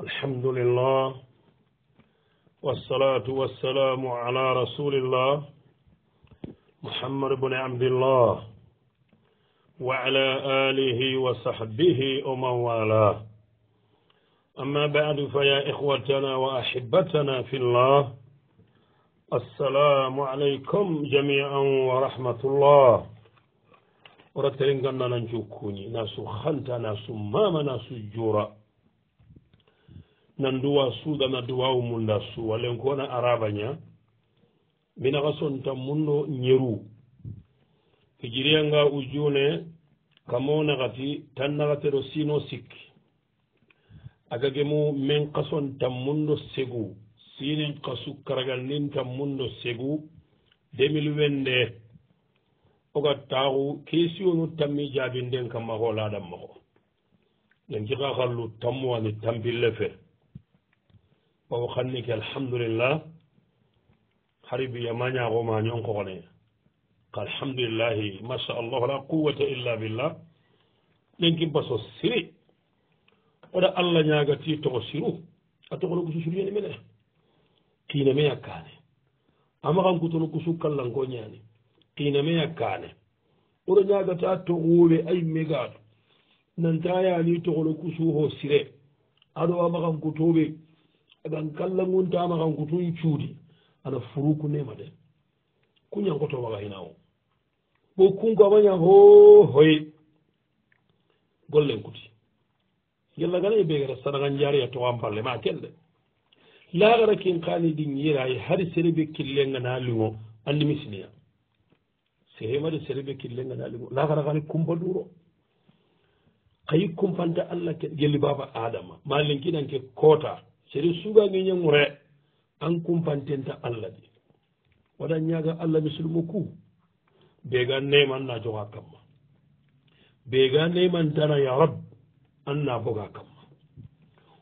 الحمد لله والصلاة والسلام على رسول الله محمد بن عبد الله وعلى آله وصحبه ومن والاه أما بعد فيا إخوتنا وأحبتنا في الله السلام عليكم جميعا ورحمة الله ورتلين قلنا ننجوكوني ناس خنت ناس ماما ناس جورا nan duwa suudana duwawu mun da su walen kona arabanya mina ka son tan munno ñeru fijiriyanga ujune kamo nakati tan nakatero sino sik agagemu men kason tan mundo segu sinin kasu karagal nin tan mundo segu 2022 oga taxu kesiyonu tanmi jaabinden kanma xoladan maxo nan kixa xallu tammuwani tambille fe o xanni ke alhamdulillah haribi yamañaxoma ñon koxone ka alhamdulillahi machallah la quwata illa billah lenki baso siri oɗa allah ñagati toxo siru a toxono gusu suriyene mene qiiname a kaane amaxan kutono gusu kallanko ñaani qiiname a kaane oɗo ñagata toxuɓe ay megaatu nanta yani toxono gusu ho sire aɗo amaxan kutoɓe eɓen kalla gontama kanko toyi cuudi aɗa furu ko nema de kuñankotowaga hina o bo kunko amaña ho hoye gollen kuti gella gana e ɓegata sanagan jaariya towan parle ma kelle lahara kin kani ɗin yiraye hari serebe killenga na lingo andi misniya sehemade serebe killenga na lingo lahara kani kumpa duro kayi kumpanta allah gelli baba adama ma lenkinanke kotar seri sugaŋe ñeŋure an kumpantenta allah di wada ñaga allah misilimo ku bega neman na joga kamma bega neman dana ya rab an na boga kamma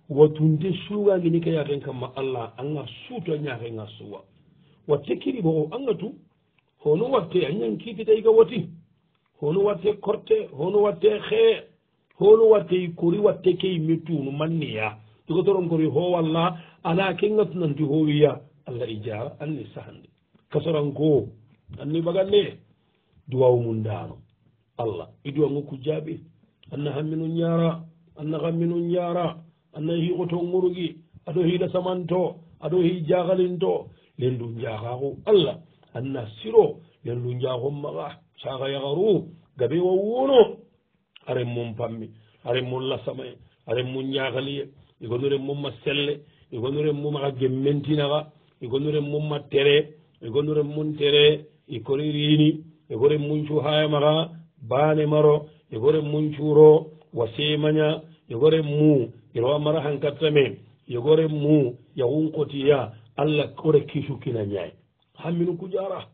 watunte sugaŋe ni ke yaken kamma allah anga suto ñakenga suwa watte kiriboo anga tu hono watte añaŋ kitita yiga wati hono watte korte hono watte xee hono watte i kori watte ke i mi tunu manniya jogotor on kori howa lla ala kengat nanti howiya allah i jara anni sahande kasoranko anni baganne duwaw mum dano allah i duwa ngokku jaaɓi anna hammino ñara anna hammino ñara anna hiko to gorugi aɗo hiɗa samanto aɗo hi jahalinto lendu jahaku allah anna siro lendu jahon maga saha yaharu gabe wa wuno aren mum pammi aren mum lasama e aren mum ñahaliye igonure mumma selle igonure mumma ka gemmentinaka igonure mumma tere igonure mum tere ikori rini igore muncu hayamaka bane maro igore muncuro wasemanya igore mu irowa mara hankatame igore mu yahunkotiya allah kore kisu kina ñay hamminu kujara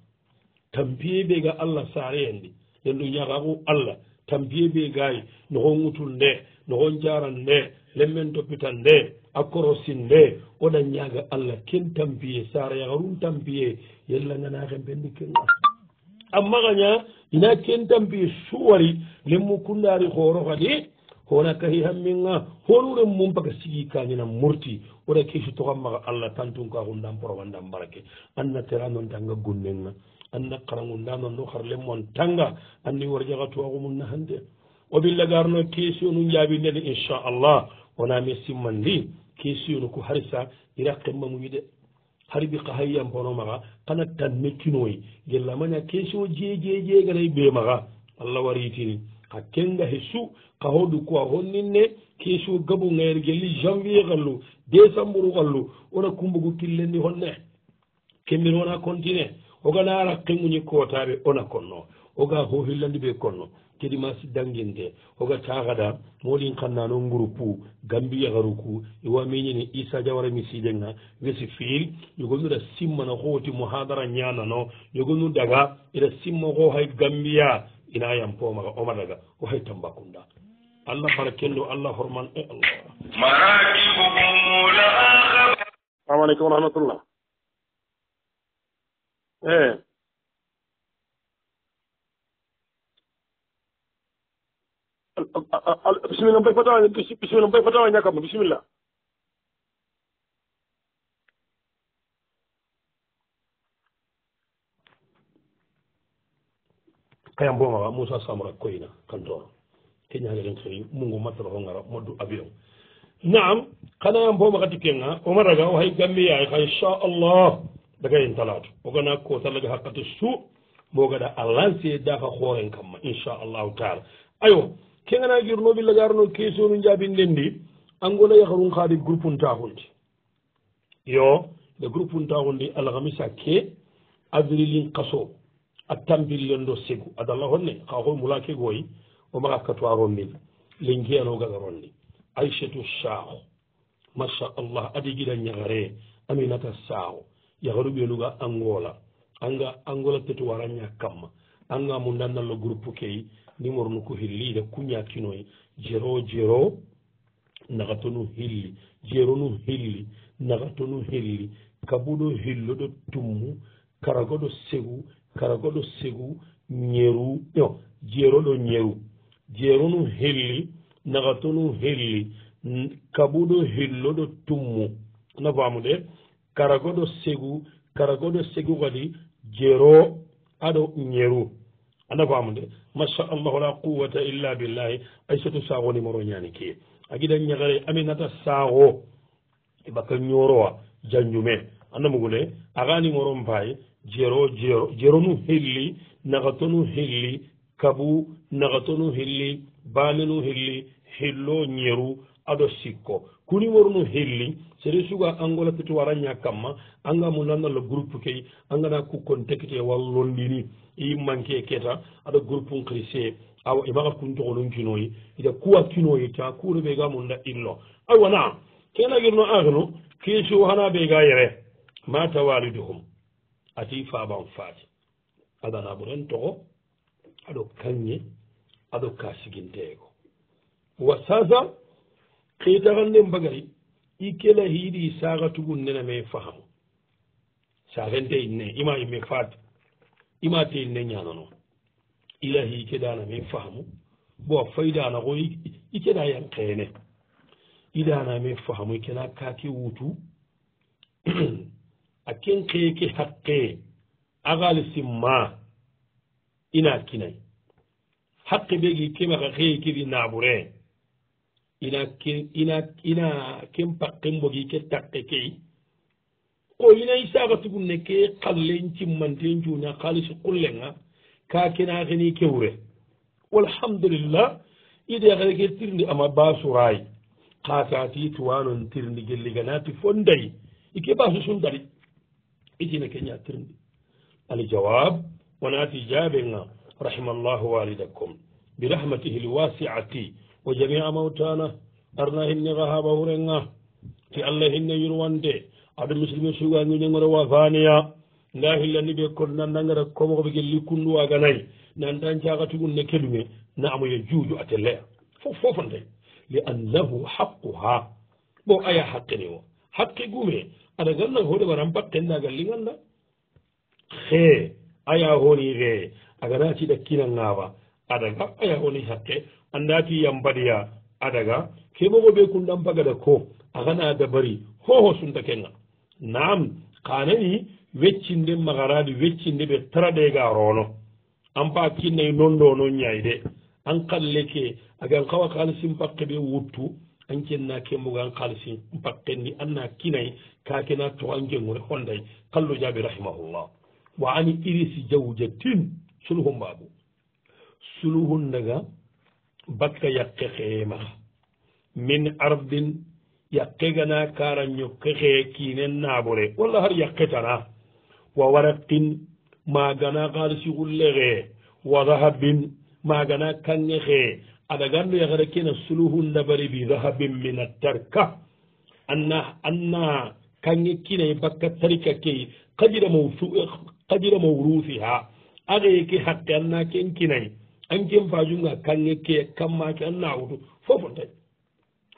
tampiye be ga allah sare yandi yandu ñakaku allah tampiye be gay nohon ŋutun de nohon jaran de lemmen toppitan nde a korosin nde oɗa ñaaga allah ken tampiye saara yaharum tampiye yellaganaaxen ɓenndi kenga amma xaña ina ken tampiye suwari lemmu kundaari xooro xadi hona kahi hamminga honu ren mum paga sigi kañina murti oɗa keisu toxa maxa allah tantun ka xun ndan porowa ndan barake an na teranon tanga gunnenga an na xarangu ndanon no xar lemmon tanga an ni warjaxa tuwaxumun na hande o ɓillagarno question nu njaabi ndene inchallah wona min simman ndi kesiyono ko hari sa ira qemmamu wiɗe har ɓiqa hayyam pono maga kana tan meccunoyi gellamaña question jeejee jeegalay ɓe maga allah waritini ka kenga he su ka hoɗu ko a honninne question gabu gayer gelli janvier gallu décembre gallu ona kumbugu killenndi honne kembin wona continue ogana ara qemmuñi kotaɓe ona konno oga hohillandi ɓe konno kedi masi danguinde hoga cakada molin kanna noon groupe gambiya haru ku iwamiñini issa diawara mi sidenga wesi fiil yogonnuɗa simmana hooti mohadara ñanano yogonnu daga ita simma ko hay gambiya ina yampomaga oma daga o hay tambakunda allah barakendo allah horman e allah salamu aleykum warahmatullah eyi eh. bisimilla bay fatawa bisimilla bay fatawa ñakkama bisimilla kayam boomawa moussa samara koyna kantoro keñaade ren xeri mungu matta roho ngara moddu avion naam xanayam booma xa dikkenga o maraga o hay gambiyaay xa inchallah dagayen talatu o gana kootallaga xaqate su mbogaɗa a lancé dafa xooren kamma inchallahu taala aywa kegana jur noɓilla garano kesonu jabinden ndi angola yahrun haade groupeuntahundi yo le groupeuntahundi alhamisa ke avrilin kaso a tampirlendo segu adalla honne ha hoy mulake gooyi o maxa katoaro min le ngeyano gagaronni aichatu sakhu masha allah adi giɗa ñahre aminata sakhu yahru ɓenuga angola anga angola tetowaraña kamma anga mu ndannallo groupe key numéro nu ko helli ida kuñakinoy jero e. jero naga to nu helli jero nu helli naga to nu helli kabuɗo helloɗo tummu karagoɗo segu karagoɗo segu ñeru o jeroɗo ñeru jero nu helli naga to nu helli kabuɗo helloɗo tummu no famu de karagoɗo segu karagoɗo segu kadi jero aɗo ñeru anda ko amude masa allahu la quwata illa billahi aysatu saago numéro ñaani kie a gida ñagare aminata saago ibakka e ñoorowa janjume anda mugule aga numéro mpaye jero jero jero nu helli nagato nu helli kabu nagato nu helli baane nu helli hello ñeru aɗo sikko kuni worno helli sede suga angola piti waraña kamma anga mu nanalla groupe key angana kukkon tekite wallondini i manke keta aɗa groupe crise awa imaxa kuntoxonon kinoyi ida kuwa kinoyi ta kuno ɓega munda illo awana kena girno axino kesio hana ɓega yere ma tawaliduhum ati faban faati agana ɓuren toxo aɗo kanñe aɗo ka siginteyego wa sasa keitaxanden bagari i kela hiidi saaxa tugun nena me faxan saxente in ne ima ime faat ima te in ne ñanano ilahi i kedana me faxamu bo a faydana xo i keda yan xeene i dana me faxamu i kena kaake wutu a ken xeeke xaqe axaalisim ma ina kinay xaqe ɓegi kemaxa xeekedi naabure ina ina ina ken pakke mbogi ke takke key ko ina saba tugun ne ke qalle cimmante juuna xaalisi qullenga ka kena xeni kewre walhamdulillah ide xeneke tirndi ama basuraay xaasati tuwanon tirndi gelliganati fo ndari ike basu sun dari itina keña tirndi aljawab wonati jaabenga rahimallahu walidakum birahmatihi liwasiati wo jamia mawtana arna hinne kahaɓa hurenga ti allah hinne yurwante aɗo muslimi sugaño ñagore wa faniya nda hillani ɓe kon nandagara komoko ɓe gelli kunduwa ganayi nanda jakatigun ne keɗume na amoye juuju a telleya fof fofo nde li annahu haqqu ha bo aya haqqini o haqqi gume aɗa ganna hoɗe waran battenda galli ganda he aya honi ree agana ciɗa kinangawa aɗa ga aya honi haqqe anndaati yam mbaɗoya adaga keɓogo ɓe kunɗan pagada ko agana dabari hoho suntakenga nam kanani weccinde magaraɗi weccinde ɓe traɗega rono an pa kinnayi nonɗo non ñayde an kalleke agan kawa kalisin pakke ɓe wuttu an kenna kemboga an kalisin pakkendi anna kinayi kakena to an kengore honday kallo jaɓi rahimahullah wa ani irisi jawuja tin suluhu mbabu suluhu ndaga bakka yakke xeema min ardin yakke gana karanño kexe kiine naabore walla har yakke tana wa waraqin maagana xaalisixulexe wa zahabin maagana kangexe adagando yaxara kena suluhu ndabari bi zahabin min attarka anna anna kange kinay bakka tarika key qajiramaw qajiramaw rusiha axe ke xaqe anna ken kinay anken fajunga kange ke kammake an nawutu fofo tai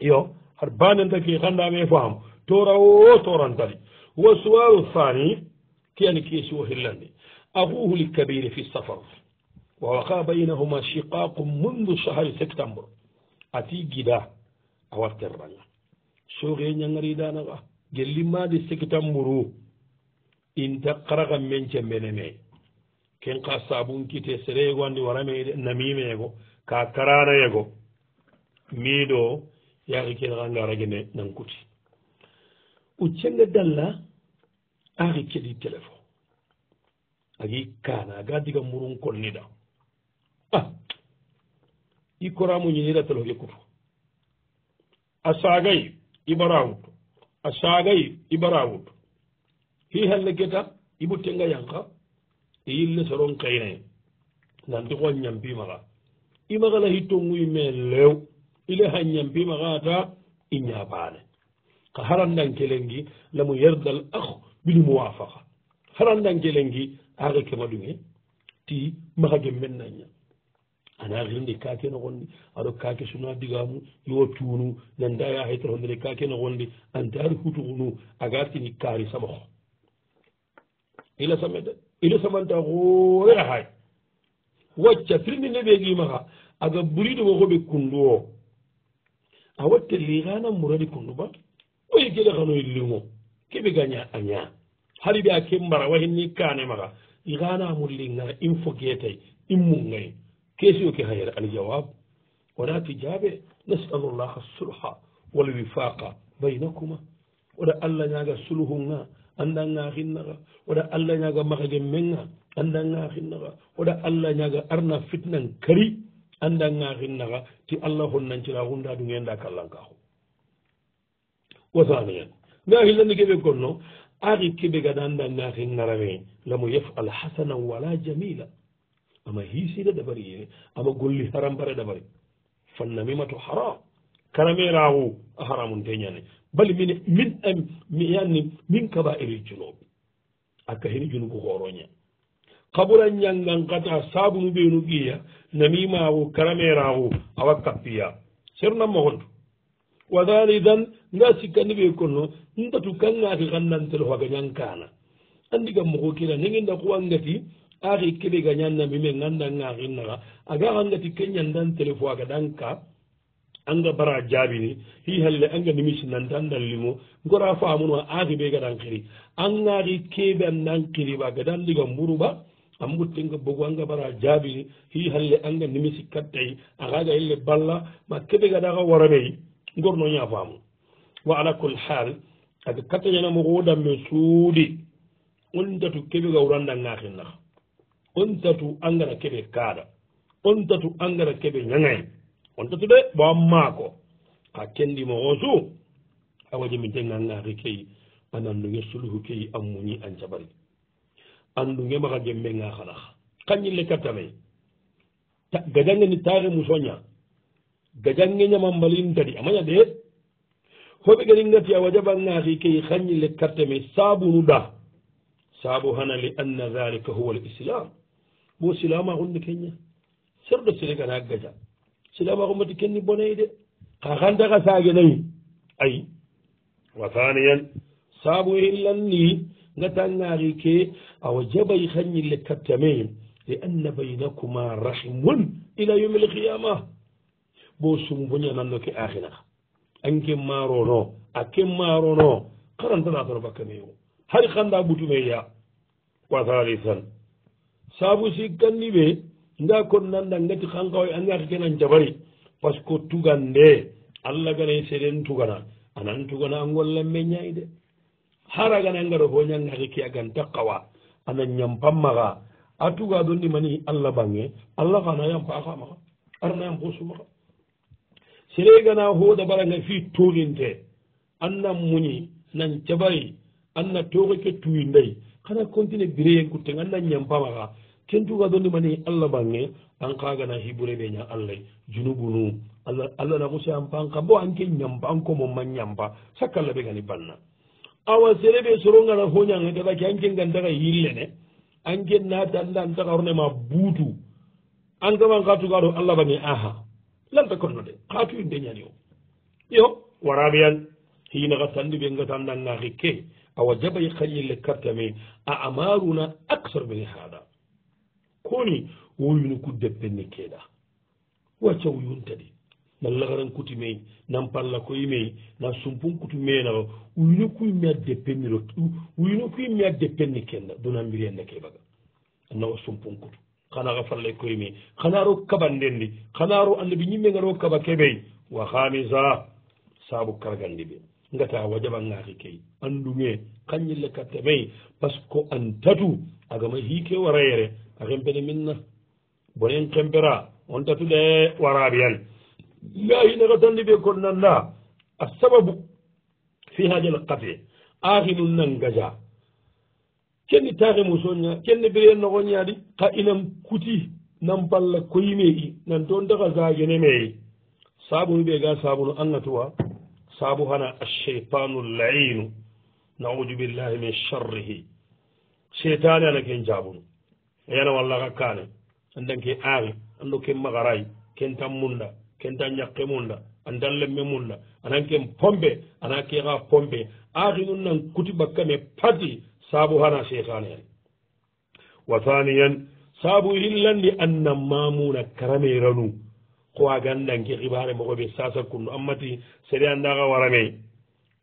yo har banentake kandame fam tora o torantari wa suwalu thani ke ani kesiwo hillande akuhu likabire fi safar wa waka bainahuma shiqaqu mundu shahari septembre ati gida a warterranga soge ñangaridanaga gellimmade septembre inta karagammence menene ken ka sabun kite sereyego andi warameede namimeego ka karanayego miɗo yaaki keɗaa ngaragene nankuti uccenga dalla aki keɗi téléphone agi kana aga diga murun konniɗa ah i koramuñinira telefoe kutu a sagay ibara wutu a sagay ibara wutu hi halle geta i ɓuttenga yanka e yille soron kayinayi nanti ko ñampimaxa imaxa la hittonguyi me lew ile ha ñampimaxa ta i ñabane ka harandan kelengi lamu yardal ax bini mowafaxa harandan kelengi axe kemaɗuge ti maxa gemmen nanña ana xirndi kake noxondi aɗo kake suna digamu yo tunu nanda ya xetoxondene kake noxondi antaari hutuxunu aga tini kaari samoxo ila same de ino samanta hoore hay wacca firndi nde ɓee gimaha aga buriɗo wohoɓe kundu o a watte liana murani kundu ba ɓoyi geɗe hanoye lumo keɓe gaña a ña haɗi ɓe a ke mbara wahinni kane maha liana mu lingana in fo guetay in mungay kesio ke hayere aljawab wona tijaɓe nasalu llaha sulha walwifaqa baynakuma oɗa allah ñaga sulhunga annda ngaaxinnaxa oɗa allah ñaaga maxage menga annda ngaaxinnaxa oɗa allah ñaaga arna fitnan kari annda ngaaxinnaxa ti allah xon nancira xundaadunge nda kallankaaxo wasaanien ngaaxillani keɓe gonno axi keɓe gada annda ngaaxin ngarame lamo yaf al xasanan wala jamila ama xiisida dabari ye ama golli harambare dabari fannamimato xaram karameraaxu a xaramunteñane bal min min am mi yanni min kabairi junub aka heni junubu horoña kabura ñangan kata sabunu ɓenu ɓiya namimawo karamerawo awa kappiya serna mohondu wadali dan nga sikkandi ɓe konno ndatu kangaki kannantelo haga ñankana andi gam moko kina neginda kuwangati ahi keɓe gañannamime ngandangakinnaha aga hangati keñandan telefo aga danka anga bara jaabini hi halle anga nimisi nanta ndallimo gora faamuno aafi ɓe gadan kiri angaaki keɓe an nan kiriɓa gada ndiga mburuɓa an ɓuttinga bogu anga bara jaabini hi halle anga nimisi kattayi akaga helle balla ma keɓe gadaka warameyi gorno ña faamu wa ala kulle hal aga kattañanamoko wo damme suudi on tatu keɓe ga wuranda ngaakinnaka on tatu angara keɓe kaada on tatu angara keɓe ñagayi wonta to ɗe ɓo ammaako a kenndimo o su a waɗi mi ndegalngaari key anannduge sulhu key an muñi an jabari anndunge maxa gembenga xalax kañille kattamay gajange ni taaxe musoña gajange ñamambalin tadi a maña de hoɓe geningati a wajabangaaxi key xañille kattame saabunu da saabu xana li anna dalika huwa l islam bo silamaxunde keña ser do sirega na gaja silama kommati kenni bonayi de ka kanta ka sage nayi ayi wa thaniyan sabu illanni e ngata ngari ke awa jabayi kanñille kattame li anna baynakuma rahimun ila yaumi lkiyama bo sumboñananno ke akhinaka anke marono a ke marono karantanatono bakkameyo hay kanda ɓutumeya wa thalithan sabu si kanni ɓe nda kon nanda ngati kankawo angati kenan jabari par ce que tugan nde allah ganayi e seeden tugana anan tugana angolla meñayi de hara gana ngaro fo ñangati ki agan takkawa ana ñampammaxa a tuga donndimani allah bange allah xana yampa a xamaxa arana yampo sumaxa seere gana hooda baranga fi tuuninte an na muñi nan cabari an na tooxe ke tuyi ndayi xana continue bireyen kutteng an na ñampamaxa kentuga donde mani allah bange an kagana hiburebe ña allah junubunu allah nakusi anpanka bo anke ñampa an komo ma ñampa sakkallah be gani banna awa serebe sorongana hoñange tetake anke gantaka yillene anke natanda antakarnema buutu an kaman katuga ɗo allah bange aha lanta konno de katu inde ñani o yo waraɓeyan hinaka tandi ɓe gatandannaki ke awa jabay kayille kartami a amaruna aksar mini haɗa koni wowino kudde penne keeɗa waccawo yontadi nan lagaran kutimeyi nan palla ko yimeyi nan sumpun kutimeenaro wino kuyimmi adde penniro wino kuyimmi adde penne kenna donambiri enna ke baga annawa sumpun kutu kanaka falla ko yimeyi kanaro kabandendi kanaro annabi ñimmengaro kaba keɓey wa hamisa saabu kargandi ɓe ngata wajaɓangaki key anndunge kañƴelle katte mayi par ce que an tatu agama hii ke warayere arempene minna bonen tempera on tatude waraɓiyan gayina ratandi ɓe konnanda a sababu fi hadel kafe ari ɗum nan gaja kenni tare musoa kenni biren nogoñadi ka inam kuti nan palla koyimeyi nan toon taka zageneme sabunu ɓe ga sabunu anga tuwa sabu hana alcheytanu lainu naudu billahi min sharrihi cheytani ana ken jabunu yana walla ka kane andan ke awe ando ken magaray ken tan munda ken tan ñakke munda andan lemme munda anan ken pombe ana ke ka pombe ahi nun nan kuti bakkame pati sabu hana sheitane ani wa thaniyan sabu hillandi anna mamuna karame ranu ko agandan ke xibare mogo be sasa kunu ammati sere andaka warame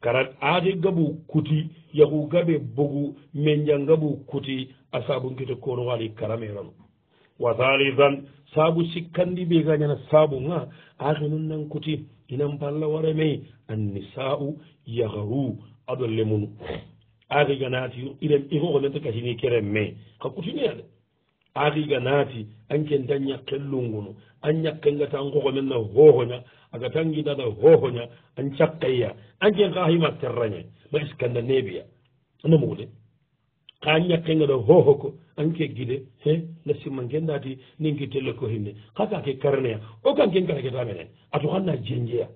kara ahi gabu kuti yahu gabe bogu menjan gabu kuti a saabunkita kono wali karameran wa halisan saabu sikkandi ɓe ga ñana saabu ga aake noon nankuti inan balla wara mey anni sa'u yahru adolle mun aaki ga naati irem ikoko nete gasini keren me ka kutinea de aaki ga naati ankenta ñakken lungunu an ñakkengata an koko men na hohoña aga tangitata hohoña an cakkaya anken kaahima terrañe ma iskanda neebiya anomugude ka ñakkenga ɗo hohoko anke guide he lassima gendati ningi telle ko hinne hakake karneya okanken kata ketameɗen atu hanna jenjeya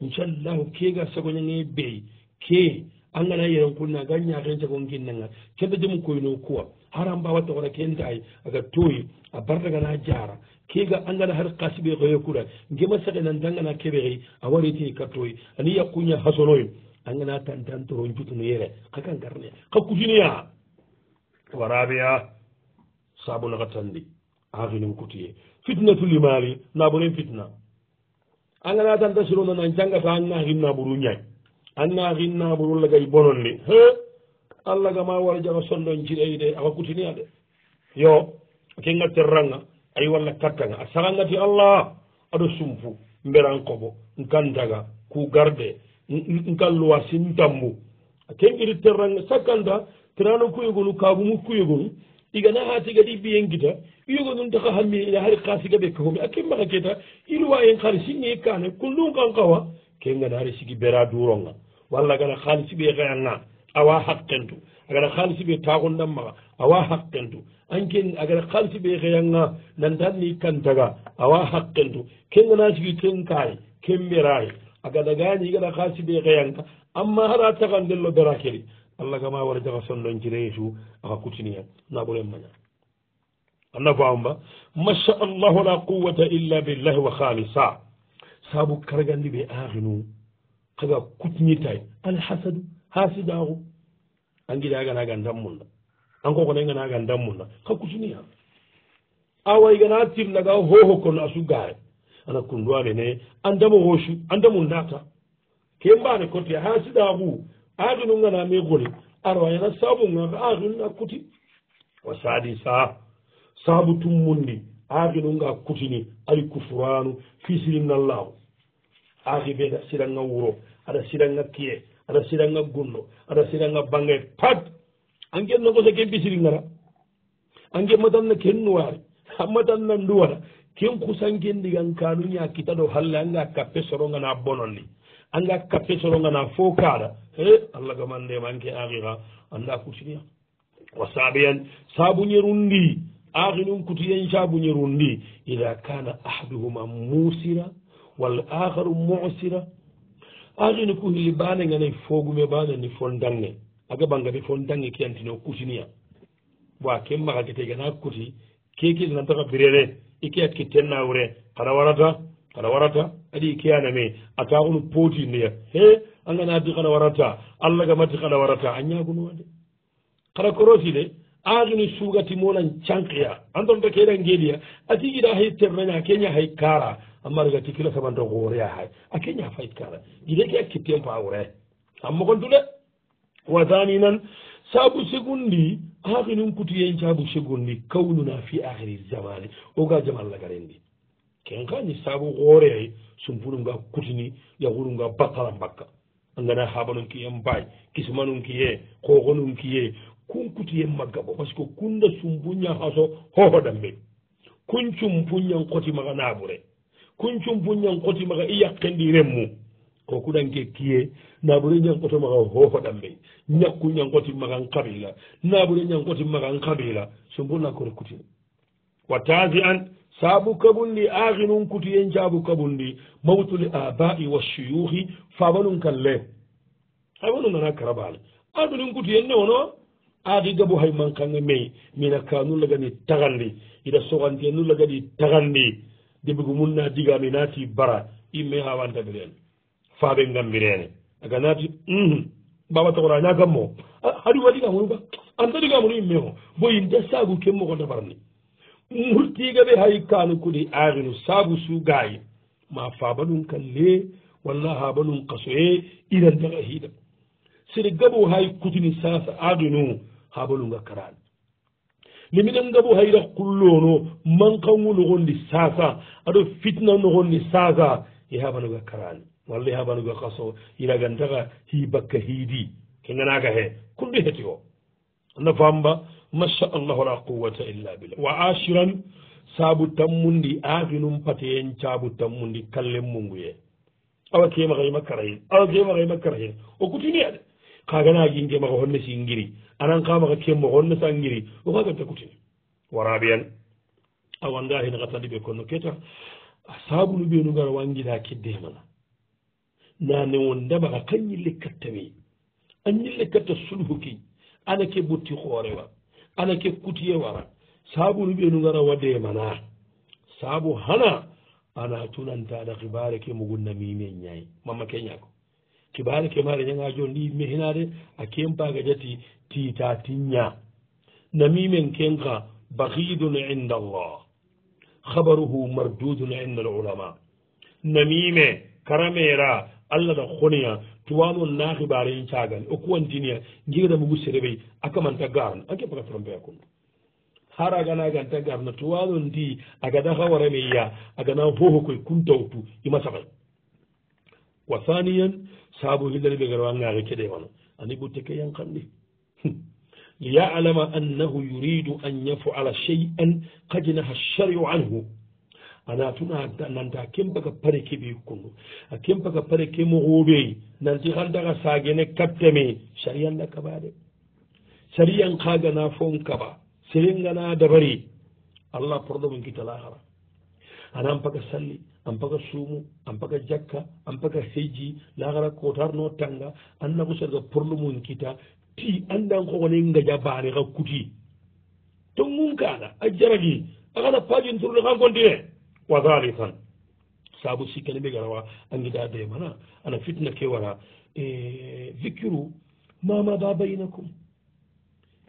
inchallahu kega sagoñange beyi ke angana yeren kulna ga ñaken sago ginnenga kedo jomu koyno kuwa hara mbawa togoɗa kentayi aga toyi a bardagana jara kega angana har kasiɓe koye kura gema sagenan dangana keɓexi a warite kattoyi ani yakkuña hasonoyi angana tantantoro jutuno yere hakan karneya ka kutiniya wa rabia sabunakatandi ahinin kutiye fitnatu limali naburin fitna angana tanta sirona nan jangata angahin naburu ñay angahin naburu lagay bononni he allah gama wara jaga sondo jiɗay de awa kutiniya de yo ke gatterranga ay walla kattanga a sagangati allah aɗo sumfu mberan koɓo nkantaga ku garde nkalluwa sin tambu ken iri terrange sakkanta tarano kuyogolu kagumu kuyogolu igana hatigadi biyengita yogonum taka hami ina hari kasiga ɓe kakomi a kemmaka keta iriwayen hari sinne kane kullum kan kawa ke gana hari sigi bera duronga walla gana halisi ɓe heyanga awa hakkentu agana halisi ɓe tagondanmaga awa hakkentu ankeni agana halisi ɓe heyanga nantanni kantaga awa hakkentu ke gana sigi ten kaye ken ɓerayi agana gani igana hasi ɓe heyanka amma hara tagandello bera keli الله كما ورد غسل لون جريشو أخاكوتنيا نابولي منا الله فعهم با ما شاء الله لا قوة إلا بالله وخالصا سابو كرغان لبي آغنو قد كتني تاي الحسد حاسد آغو أنجي داغا ناغا ندامونا أنكو قد ينغا ناغا ندامونا خاكوتنيا أوا يغنا تيم لغا هو هو كون أسو غاري أنا كون دواري ني أندامو غوشي أندامو ناتا كيمباني كوتيا حاسد آغو aɗunu ganami gole arwayana sabu gaga aɗunna kuti wa saadi sa sabu tummundi aɗunu ga kutini ali kufranu fi silimnallahu aki beda siranga wuro aɗa siranga kiye aɗa siranga gunno aɗa siranga bange pat angen nogose ken bisiri gara ange matanna ken nuwari a matanna nduwata ken kusankendigan kanu ñakita ɗo halle anga kappe soro gana bononni anga kappe sorongana fo kaɗa e eh, allah gaman ndemanke axixa anda kutiniya wa saabiyan saabuñerundi axinum kutiyen saabuñerundi ida kana ahaduhuma musira walla axaru mosira axini ku hilli banengane fogume banenni fondange agabangabe fondange kiyantino kutiniya wa ke maxa getegana kuti kekinanta xa birene ikeyat ki tennawre xana warata kala warata aɗi keanami a tawono potinneya he angana addi kaɗa warata allah gamati kaɗa warata a ñagunoade kaɗa korosi de aɗuni sugati molan cankeya antonta keɗan geliya atigiɗa hay terrana keña hay kara amma riga tikila samanto koworeya hay a keña fayt kara guide ke a kittempa wore ammogontude wasani nan saabu segundi ahinun kutuyen caabu segundi kawnuna fi ahiri zamane oga jamallagarendi kenkañi sabu hooreyay so mbulu nga kutini yahulu nga basala mbakka angana habanonkiye mbay kisumanonkiye hohonunkiye kun kutiye magga bo par ce que kunda sumbuña haso hohodambe kun cumbuñan koti maga naɓure kun cumbuñan koti maga i yakkendi remmu ko kuɗanke kiye naɓure ñankoto maga hohoɗambe ñakku ñankoti maga nkabila naɓure ñankoti maga nkabila sumbunakore kutini wa tasi an saabu kabundi aahinun kutiyen jaabu kabundi mawtu li abai wa shuyuhi fabanun kan le awanu nana karabale adunin kutiyen ne wono aahi gabu hay man kanga mey mina ka nu lagani tagandi ida sogantiye nu lagani tagandi debigu mun na diga mi naati bara imme hawanta birene faɓe gambirene aga naati baba togora na gammo ah, hadi wadigamunuba anta digamunu imme o bo yinta saagu ke mogo dabarni hurtiga ɓe hay kanukude aminu saabu sugaye ma faaba ɗum kalle walla haaba ɗum kasoye irandaga hiɗa sere gabo hay kutini sasa aminu haaba ɗuga karani mi minen gabo hayra kullono mankangu nogondi sasa aɗo fitna nogondi sasa e haɓanuga karani walla e haɓanuga kaso iragandaga hi bakka hiidi ke ganaga he kulɗi heti o anna famba ما شاء الله لا قوة إلا بالله وعاشرا سابو تموندي آغنم باتين سابو دي كلم مونغوية أو كيما غيما كرهين أو كيما غيما كرهين وكتيني هذا كاغنا كيما مغا هون انجري أنا نقام كيما هون انجري وغادا تكتيني ورابيا أو أندا هنا غتالي بيكونو كيتا أصابو نبينو غار وانجي دا كدهمنا ناني وندبغا كنيلي كتمي أنيلي كتا سلوكي أنا كي بوتي خواري واب ala kekkutiye wara saabu nu ɓenu gara wadde e mana saabu hana ana tunantaɗa kibare ke mugunna mime ñayi mamma keñako kibare ke mare ñaga joni ɗi mehinade a kempaga jati tiita tiña namimen kenka bahidun inda allah habaruhu mardudun inda al ulama namime karamera allah da honiya tuwaano on naaxibaare yin caagan o kuwantinia ngiirama gusse reɓey akamanta gaarn a kepaka trompea kun har aganaganta garna tuwaano ndi agada hawaremeya agana hoho koy kuntawtu ima saxay wa haniyan saabu hillani ɓe garawa ngaaxe keɗewano ani ɓutte ke yan kamɗi liyalama annahu yuridu an yafala cheyan kajinaha chariu anhu ana tun a nanta kempaka pare keɓi kondu a kempaka pare kemo hoɓeyi nanti handaka sagene kapteme sariyan da kaba de sariyan kagana fon kaba serengana dabari allah porɗomen kita lahara anan paka salli anpaka suumu anpaka jakka anpaka heji lahara kotarno tanga annaku sarga porlumun kita ti andan kokone gaja bane ka kuti tongunkaana a jaragi akana pajintorude kan continue wa dalitan saabu sikkene ɓe garawa anguida de mana ana fitna ke wara e vicuru mamada baynakum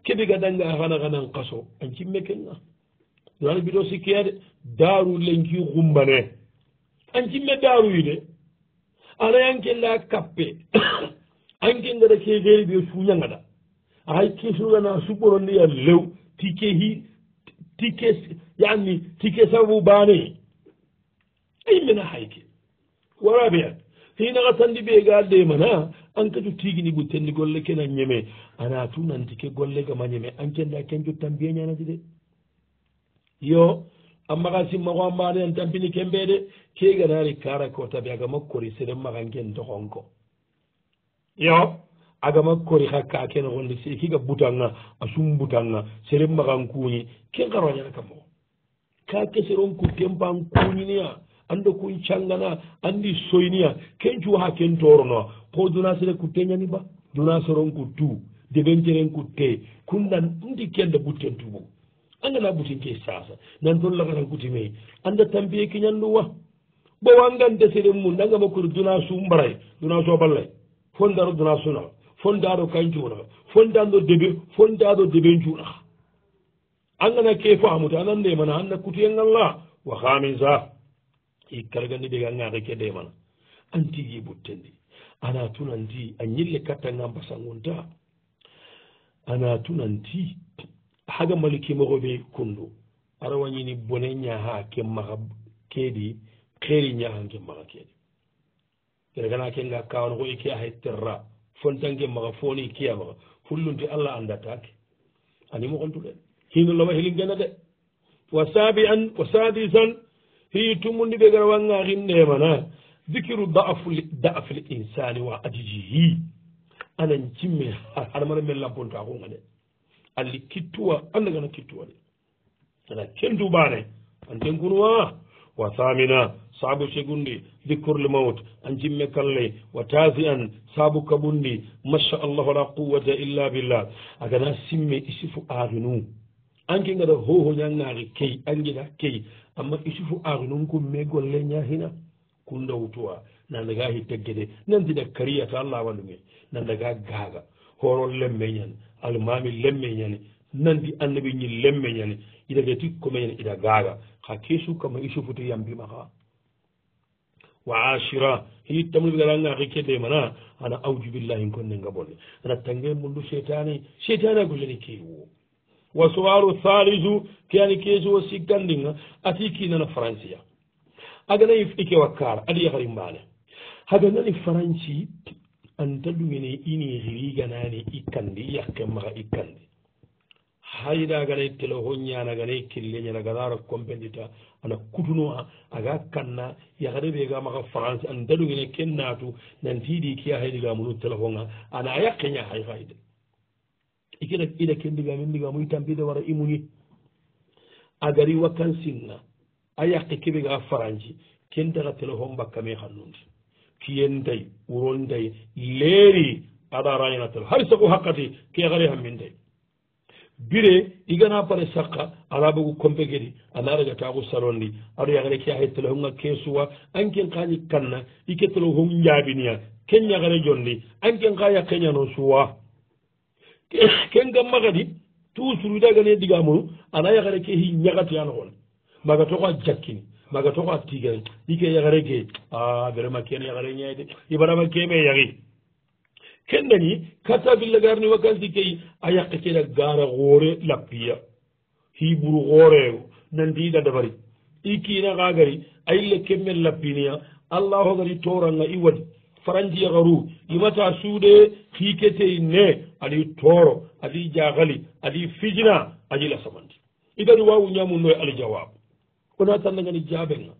keɓe gadanga hana hanan kaso an cimme kenga ana mbiɗo sikkeyade daru lenki gumbane an cimme daruyde ana yankella kappe an kengaɗa kegeri ɓe suñagaɗa hay kesugana suɓoro ndiya lew tike hi tike yani tike sababu baney aymena hayke warabeyan hinaka tandi ɓeega demana an kaju tigini ɓu tenni golle kena ñeme ana tu nanti ke golle gama ñeme an kenda kenjo tambiya ñanati de yo ammaka simmako ambaanean tampini kembede keganari kara kotabe agama kori seren magangen dogonko yo agama kori ha kakene gonde sekiga butanga asum butanga seren magan kuñi ken garoñana kamogo kake seron kutempan kuñiniya anndo ko canngana anndi soyniya kencu haa ken tooronoa ko dunasere kutte ñani ba dunaseron kuttu debenceren kutte kunnan ndi kennda butten tubo anndana butinke sasa nan toon lakatan kutimey annda tampiye kiñanndu wa bo wangan deseren mum nanga makkude dunasu mbaray dunasu ballay fondaro dunasuna fondaro kancuna fondando debe fondado debencuna angana ke faamude anan ndemana anna kutuyengalla wa hamisa e kalagandi ɓe gangada ke ndeman antigui e buttendi ana tunanti a ñille katta gambasan gonta ana tunanti haga mbali kimoxoɓe kundu ara wañini bone ñaha ke maxa keedi xeeri ñahan ke maxa keedi keregana kenga kawan xoy ke axe terra fontanke maxa foni kiya maxa fullunti allah andatake animoxontu de hino lowa helingena de wasabian wasadisan hii tumundi ɓe gara wangaxin nemana dicru dafl daf l insani wa adijihi anan cimme hadamana men lampontu axunga de alli kittuwa andagana kittuwa de ana kentubane antenkunuwa wa thamina saabu segundi dicre le maut an cimme kalle wa tasi an saabu kabundi masha allahu la quwata illa billah agana simme isifu aginu ankengada hoho ñangaxi key angeda key amma isufu arunon ko me golle ñahina ku ndawtuwa nandaga hi teggede nandina kariyata allawanduge nandaga gaaga hooro lemme ñani almami lemme ñani nandi annabi ñin lemme ñani ida geti kome ñani ida gaaga ha kesu kama isufu te yambima ha wa ashira hii tamuɓegalanga rike de mana ana audu billahi gonne nga bolle ana tange mundu setani setani a gojani kewo wa suwaru thalisu keani keesi wo sikkandinga ati kinana françia aganayi ike wakkara adi yahari mbane haganani franci antaluene ini hiriganani ikkandi yahke maha ikkandi hayida aganayi telehoñana aganayi killeñana gadara compendita ana kutunoa aga kanna yahareɓega maha france antaluene kennatu nantiidi kiya haydigamunu telehoga ana yakkeña hay hayde ikita e ɓiɗa kendigami ndigamuy tampide wara imuñi agari wakkan sinna a yakki keɓega faranji kentaxa téléphone bakka me xannundi kiyentay wurontay leeri aɗa rañana tel hay saku xaqati ke xari hamminday bire igana pare saqa ala bogu compe gedi ana ragataxu salondi aɗo yaxere ke axe téléphone a ke suwa anken xañi kanna ike téléphone njaɓiniya ke ñaxere jondi anken xa yaqeñano suwa ken ga magadi toujours da gane diga mo ana ya gare ke hi nyagati ya no maga to kwa jakini maga to kwa tigere dike ya gare ke a gare ma ken ya gare nyaide ibara ma ke be yari ken dani kata bil lagar ni wakan dike aya ke da gara gore lapiya hi buru gore nan di da dabari iki na gagari ayle kemel lapiniya allah ho gari toranga iwadi faranji yagaru imata suude xiiketeyi ne aɗi tooro aɗi jaxali aɗi fijina ajila samandi igani wawu ñamum noye aljawab kona tannagani jaɓenga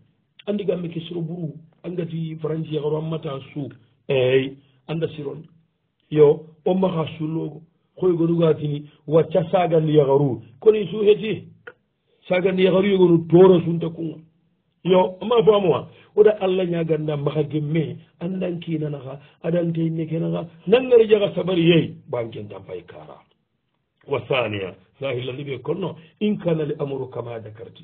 andigammi ke siro buru angati faranji yagaru anmata suu ey anda siron yo o maxa sullogo koygonugatini wacca sagandi yagaru koni suu heti sagandi yagaru yogonu tooro sunta kunga yo ama famuwa oɗa allah ñaganda maha gemme andankinanaha adanteinnekenaha nangari jaga sabari yeyi bankentan fay kara wa saniya lahillalli ɓe konno in kana li amaru kama dakarti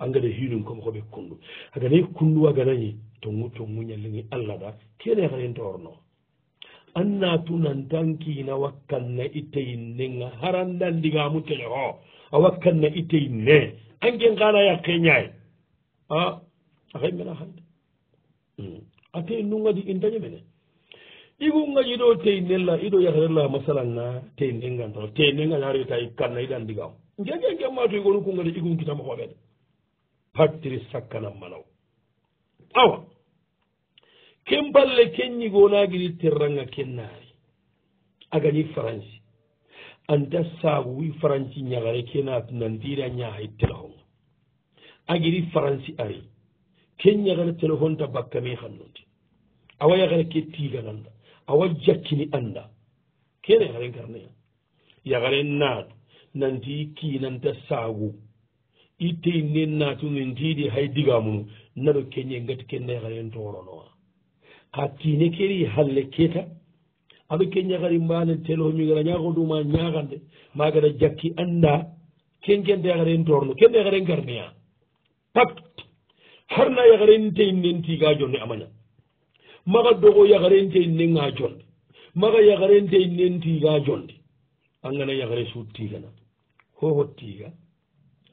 angade hinum koma koɓe kundu aganay kundu aganayi tongu tonguñalligi allah da kene hanen torno anna tunan tankina wakkanna itteyinnega harandandigamu tele o a wakkanna itteyinne anken kana yakke ñay a axay mena hande Hmm. a pe nungadi in daña mene igu ngaji ɗo tey nella iɗo yakatella masalan na tey ndengantano tey ndengañarita kanna iɗan ndigam jejenge matoy gonu kungadi igun kitama hoɓede hattiri sakkana manaw awa kemballe kenñi gonagiɗi terranga kennaari agañi franci anta sagu wi franci ñagare kena nandira ñaha telehonga agiɗi franci ari keñagana téléphoneta bakka mi hannunte awaya gara ke tigananda awa jakkini anda kene yagaren garneya yagaren naatu nanti i kinanta saagu i teyinne naatu nentiidi hay digamunu nado keñe ngati kenna yagaren toronowa ka tiine keri halle keta aɗo keñagari mbaane téléphoneugara ñagoduma ñagande maagada jakki anda kenkente yagaren torno kenne yagaren garneya pat harna yagarentein nen tiga jonne amaña maga dogo yagarentein nen ga jonde maga yagarentein nen tiga jonde angana yagare su tigana hoho tiga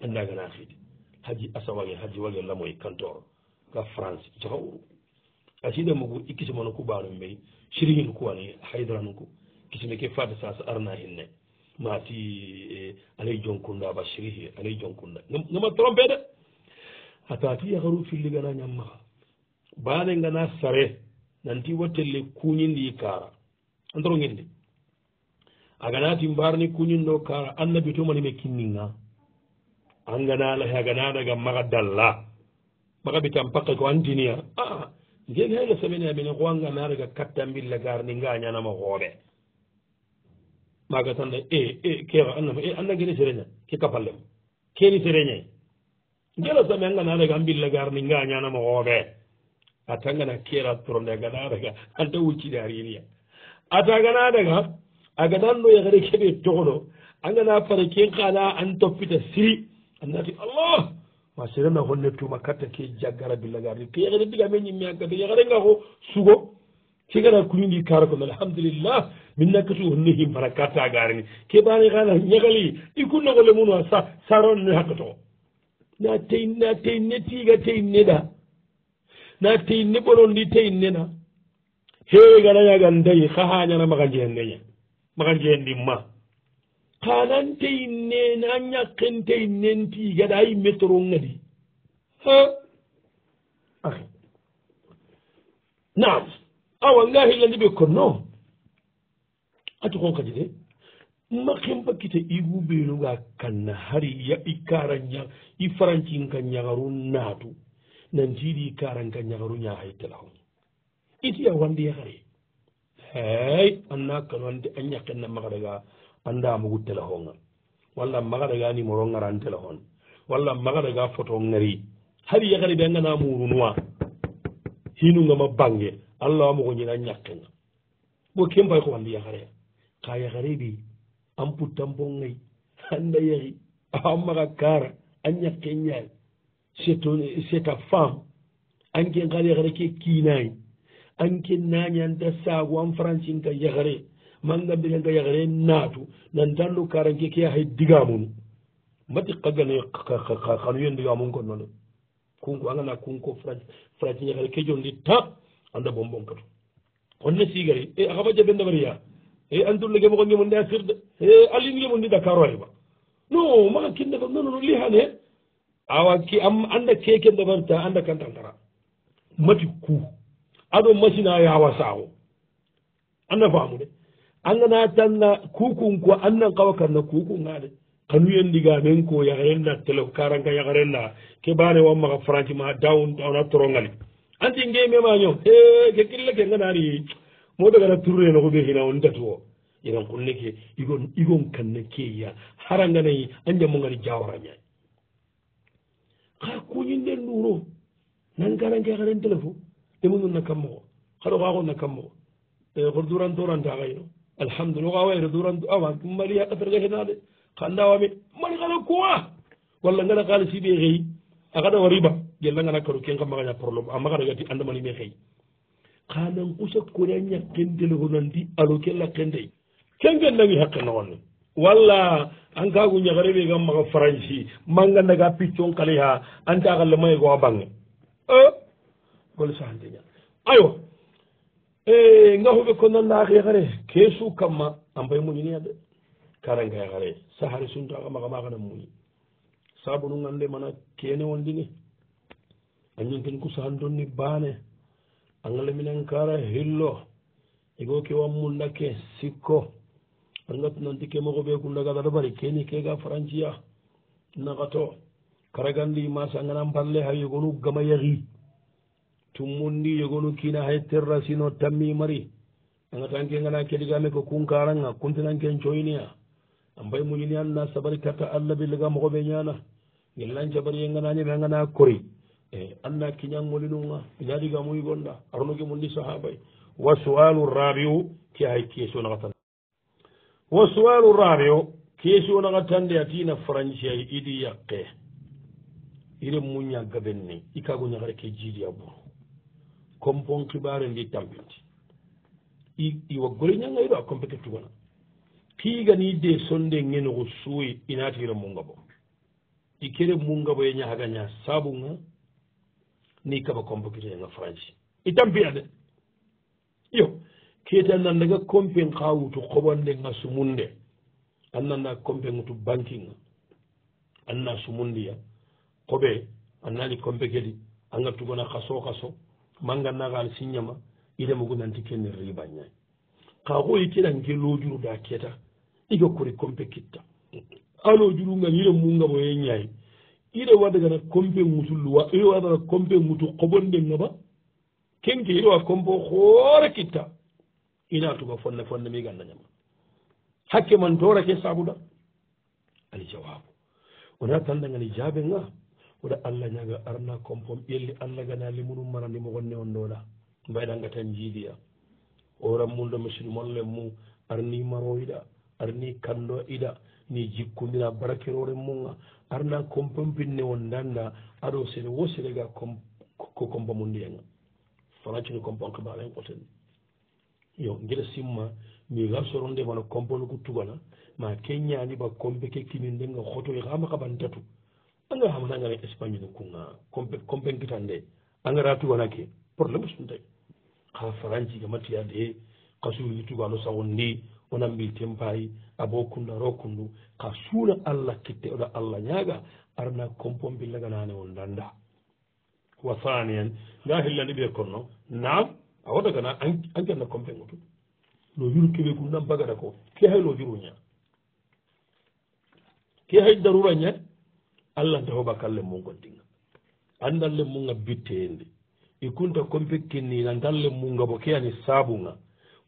andagana xiidi haji asa wage haji wage lamoy e kantor ga france caxa uru asida mogu i kisimano ku ɓanu mbey sirigin kuwani haydaranu ku kisime ke fata sasa arna hinne mati eh, aley jonkunda ba sirihi aley jonkunda ngama trompe de a taati yakaru filli gana ñammaha baane ngana sare nanti wattelle kuñindi kaara antoroginde aganati mbarni kuñindo kaara annabi tomanime kinninga anganalahe aganadaga maga dalla maga ɓe tampakke ko antiniya aa jeg hega semaine amine ko anganadaga kattambilla garni ngañanama hooɓe maga tanda e e eh, eh, keeɓa annama e eh, anna gene sereña ke kapallem keni sereñay jelo sami an gana rega an mbille garni gañanama hoobe ata gana kera torode gana rega anta wuccide ariniya ata gana rega aganannu yahare keɓe tohno angana fare ken kala an toppita siri annati allah ma serena honne tuma katta ke jaggara billa garni ke yahare diga me ñimmi agada yaharenga ko sugo ke gana kuñidi kara kon alhamdulillah min nakkatu honne him fata katta garni ke ɓane kala ñagali ɗi kunnogo le mun a sa saronne hakkatoo na teinna teinne tiiga teinneɗa na teinne ɓorondi teinnena heegana yagandayi xa hañana maxa jeengaña maxa jeendinma xanan teinne na ñaqen teinnen tiigaɗa yimme toronŋadi a naam awa ngaa xillandi ɓe konno a tuxon xadi de makin bakkita igu benuga kanna hari yaɓi karaa i farancinka ñagaru naatu nantiidi karanka ñagaru ñahaytelahom itiya wande yahare hey anna kanande a ñakenna magarega andamugu telahonga walla magarega numero garan telahon walla magarega photo gari hari yahari ɓengana murunuwa hinugama bange allah wa mogoñina ñakkenga bo kempay ko wande yahare ka yahareɓi amputambongay annayari amara kara anñakke ñaal seta femme anke ngalexere ke kinaay anke nañanta saago an francinka yaxere mangambirenka yaxere naatu nantanlu karanke ke axay digamunu mati xagane xanu yo digamun konnone kunko angana kunko francin yaxere ke jondi ta anda bonbonkatu onne sigari e eh, axafa jabe ndabariya e andurle ge mogo ngemo nafirde e alin ngemo ndi dakaroyba no maa kinde kam nonono lihan he awa ki am anda keke ndemarta anda kantantara mati ku aɗo machine a yawa sawo anda famude andana tanna kukun ko annan kawa kanna kukun ade kanu yendiga men ko yagarenda tele karanka yagarenda ke bane wammaka franchima dawn dawna torongali anti ngemema ño e ke killa ke ganari moɗo gara turrene ko ɓe hina on datu o yenan kunneke igon igon kanna keeya hara nganayi anjammo gani jawarañani ka kuñinden ɗuro nan gara nke kanen tele fo e ɗemunon na kammoko haɗo ka kon na kammoko e kor durantoranta kayno alhamdulillah ko awayre durant awa mali ha katarga henade kandawame mali kana kuwa walla ngana kalisiɓe xeyi a kaɗawa riba gella ngana karu ken kammakaña probléme amma kaɗa gati andamalime xeyi kanan kusa kuren yakkendel honandi aloke lakkendey kengen nangi hakke noonne walla an kagu ñakareɓe gam maga franci manga naga piccon kali ha antakalle maye ko a bange e gole sahanteña aywa e ngahuɓe konnannaaka yakare keesu kamma ambay muñiniya de karanga yakare sahare suntaka maga makana muñi sabunu ngande mana kene wondini a ñanken kusahan donni baane angala minen kara hillo ego ke wammunda ke sikko angatu nanti ke mogo be kundagata ɗo bari keni kega francia nagato karagandi masa angana palle ha yegonu gama yagi tummundi yegonu kina hay terra sino tammi mari angatanke ngana kedigame ko kunkaranga kuntinanken coyniya ambay muñini anna sabari karta allah billega mogo ɓe ñana gellancabari yenganañeɓe angana kori eyi anna kiñangoli ɗumga miñaadiga muyi gonɗa arnuki mum ndi sahabay wa sowalu rabiu ki hay kiesi wonaga tan wa sowalu rabio kiesi wonaga tande a tiina franciay idi yakke ire muñagga ɓen ni ikago ñagare ke jiidi a buru compon kibare ndi tampinti i waggole ñanga yiɗo a compe ke tugana kiigani de sonde ngenogo suuyi inaatire mungabo i kere mungabo e ñahaga ña sabunga ni kaba compokitee no franci i tampiya de yo keta nandaga compen ha wutu koɓonde nga sumunde an nanda compen utu banki nga anna sumundiya koɓe annaali compe kedi angattugona kaso kaso manganagal signama idemugu nanti kenni ribañay ka koyi keɗanke lojuru da keta iga kori compe kitta aloojuru ngañire mungamoye ñaye ido wadagata compe ngutulluwa ido wadagata compe ngutu qoɓonɗengaba kenke ido wa compo hoore kitta ina tuga fonne fonne mi gandañama hakke man torake sabuda ali jawabu wona tandagani jaabe nga woɗa allah ñaga arna compom ɓelli allah gana limunu marandi mogonne on ɗoɗa mbaydangatan jiidiya oran mun ɗo machine mollen mum arni maroyiɗa arni kando ida ni jikkudina barakeroren munga arna compampinne won danda aɗo sere wo serega ko compamondiyanga fanacini companko baɗa hen qoten yo guila simma mi garsoro ndemana compo no guttugala ma keññaniɓa compe kekkininndenga hoto e hama kaɓan tatu anga hamatangane espagne no kunga compe compenkitan nde anga ratuganake probléme sum tawi ha franci gamatiyade qasuyi guttugalo sawon ndi onambi tempayi abo kunda ro kundu ka suuna allah kitte oɗo allah ñaaga arna compon billaga nane on danda wa saniyan nga hillani ɓe kono naam a wadaga na anjanna compe ngutu no juru keɓe gundan bagada ko ke hay no juru ña ke hay darura ña allah ndahoɓa kalle mungo ndinga andalle munga bitteyende i kunta compe kinnina ndalle munga bo keyani saabunga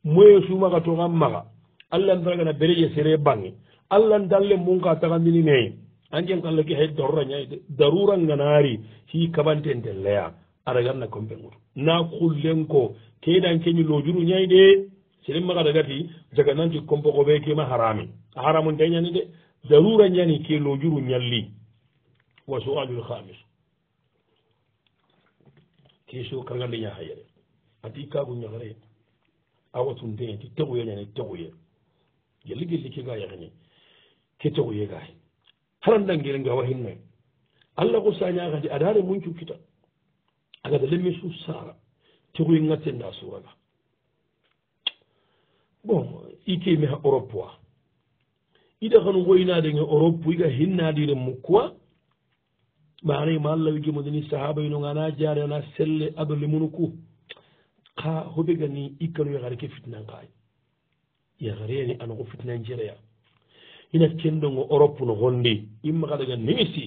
moyen sumaga tonga maga allah ntara gana bereje sere bange allah ndalle mun ka tagandini neyi anjen allah ki hay darura ñayi de darura nganaari si kabantentelleya ara ganna kompe ŋutu na kullen ko keidan keñi lojuru ñayi de serin maga dagati jaga nanti kompe koɓe kema harami haramunte ñani de darura ñani ke lojuru ñalli wa sualul hamis keso kargandi ña hayere ati kagu ñagare awatunte ti teguye ñani teguye gelli gelli kega yagni kettogo yegay haranda ngere nga wahinnoy allah ko sañagadi adare muncu kita agada lemmi suf sara teguye gatte nda suraga bon ikeme ha europe wa ida hanu goynade e europe iga hinnadire mu quoi manayma allah wigi modini sahaba yino ngana jaare ana selle adolemunu ku ka hobegani ikkanoye hade ke fitnangaye yaha reeni ana ko fitna jereya ina kendongo europe no honndi imma kaɗa gan nimisi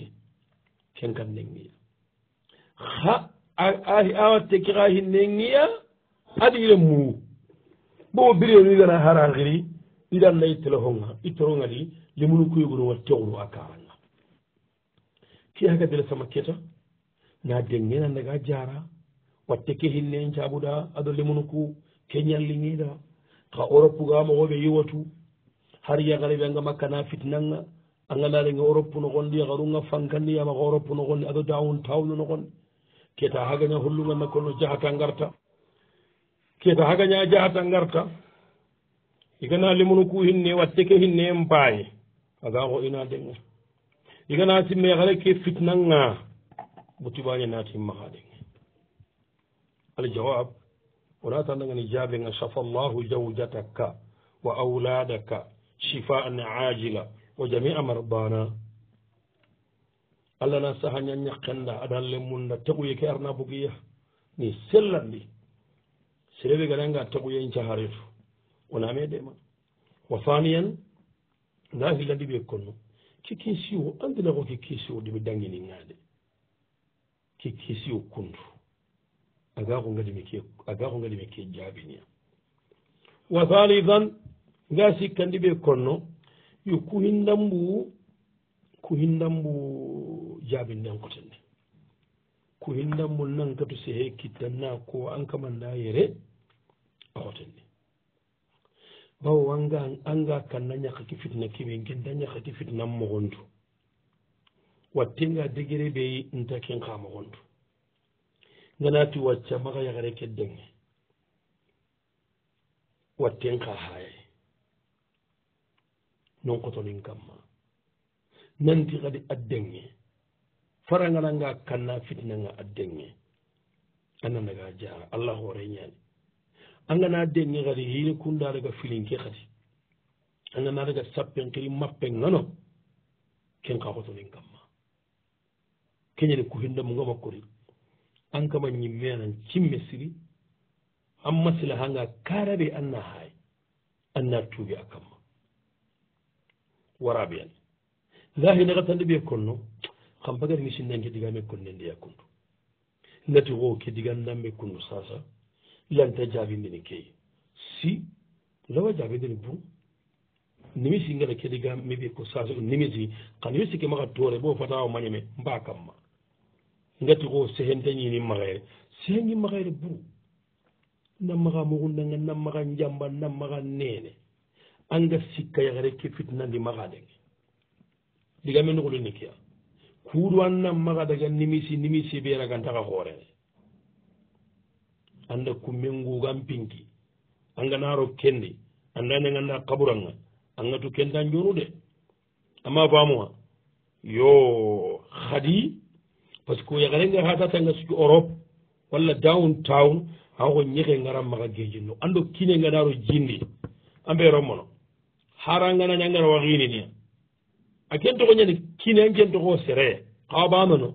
ken kam nengiya ha ahi awatteki ha hi nengiya aɗire muu boo birenu igana haraxiri iɗannayi téléphone ittoronga di lemunu kuyogono wa tegunu a karanga ke haga dele sama keta na dengenandaga jara watte ke hinne caɓuɗa aɗo lemunuku ke ñallingiɗa ha europe gama oɓe yiwatu har yagale ɓenga makka na fitnanga a ganalenga europe no gonɗi yakarunga fankandiyama ko europe no gonɗi aɗo dawon tawnu no gonɗi keta hagaña hollunga nakko no jahata garta keta hagaña jahata garta igana limunu ku hinne watte ke hinne en paye aga ko ina denga igana simme yakare ke fitnanga ɓutibaña natimmaha denga aljawab wona tan dagani jaabinga safa llahu jawjatakka wa auladaka shifaan ajila wa jamia mardana allah na saha ñañakenda adalle munda teguye ke arna bugiya ni sellandi sirewi gadanga teguye ncaharetu wona medema wa faniyan nda hillandi ɓe konno kikisiwo andinako kikisiwo dimi danginingade kikisiwo kundu agako gadimike agako gadimike jaabiniya wa halidan nga sikkandi ɓe konno yo kuhindambu kuhindambu jaabinden kotenne kuhindambu nankatu sehe kittanna ko an kamanda yere a hotenne bawo anga anga kanna ñakaki fitna kiɓe genda ñakaki fitna mogontu wattenga degere ɓe ntaken kamogontu nganati wacca maga yagare keddenge watten ka haya non kotonin kamma nanti kadi addenge farangalanga kanna fitinanga addenge anandaga jara allah hore ñani angana denge kadi hini kunda daga filinke kadi angana daga sappen kiri mappe ngano ken ka kotonin kamma keñani kuhindamu ngamakkori an kama ñimme anan cimme siri an masila ha nga kaarare an na haay an na tuuɓi a kamma waraɓe yan lahi ne xatande ɓe konno xam bagati mi sinnanke digame konne ndeya kundu lati xoo ke diganndanɓe kundu sasa lanta jaabindini keye si lawa jaabindini bu nimisi ngana ke digamme ɓe ko sasa nimisi xa nimisi ke maxa toore bo fatawa mañeme mba kamma ngati ko sehen dañini makayre sehengi makayre buru nammaka mugundanga nammaka jamba nammaka nene anga sikka yakare ke fitnandi maka dege digame nugulu nikiya kuudu an nammaka daga nimisi nimisi bera gantaka horene anda kummengugan pinki anga naro kendi andane ganda kaburanga angatu kenda njonu de ama famuwa yo khadi par ce que yaga rengar ha datanga suki europe walla down town hawko ñeke garan maka gejinno ando kine ganaro jindi ambe rommono hara ganani angana wakini ni a ken toko ñani kine an ken toko sere ka bamano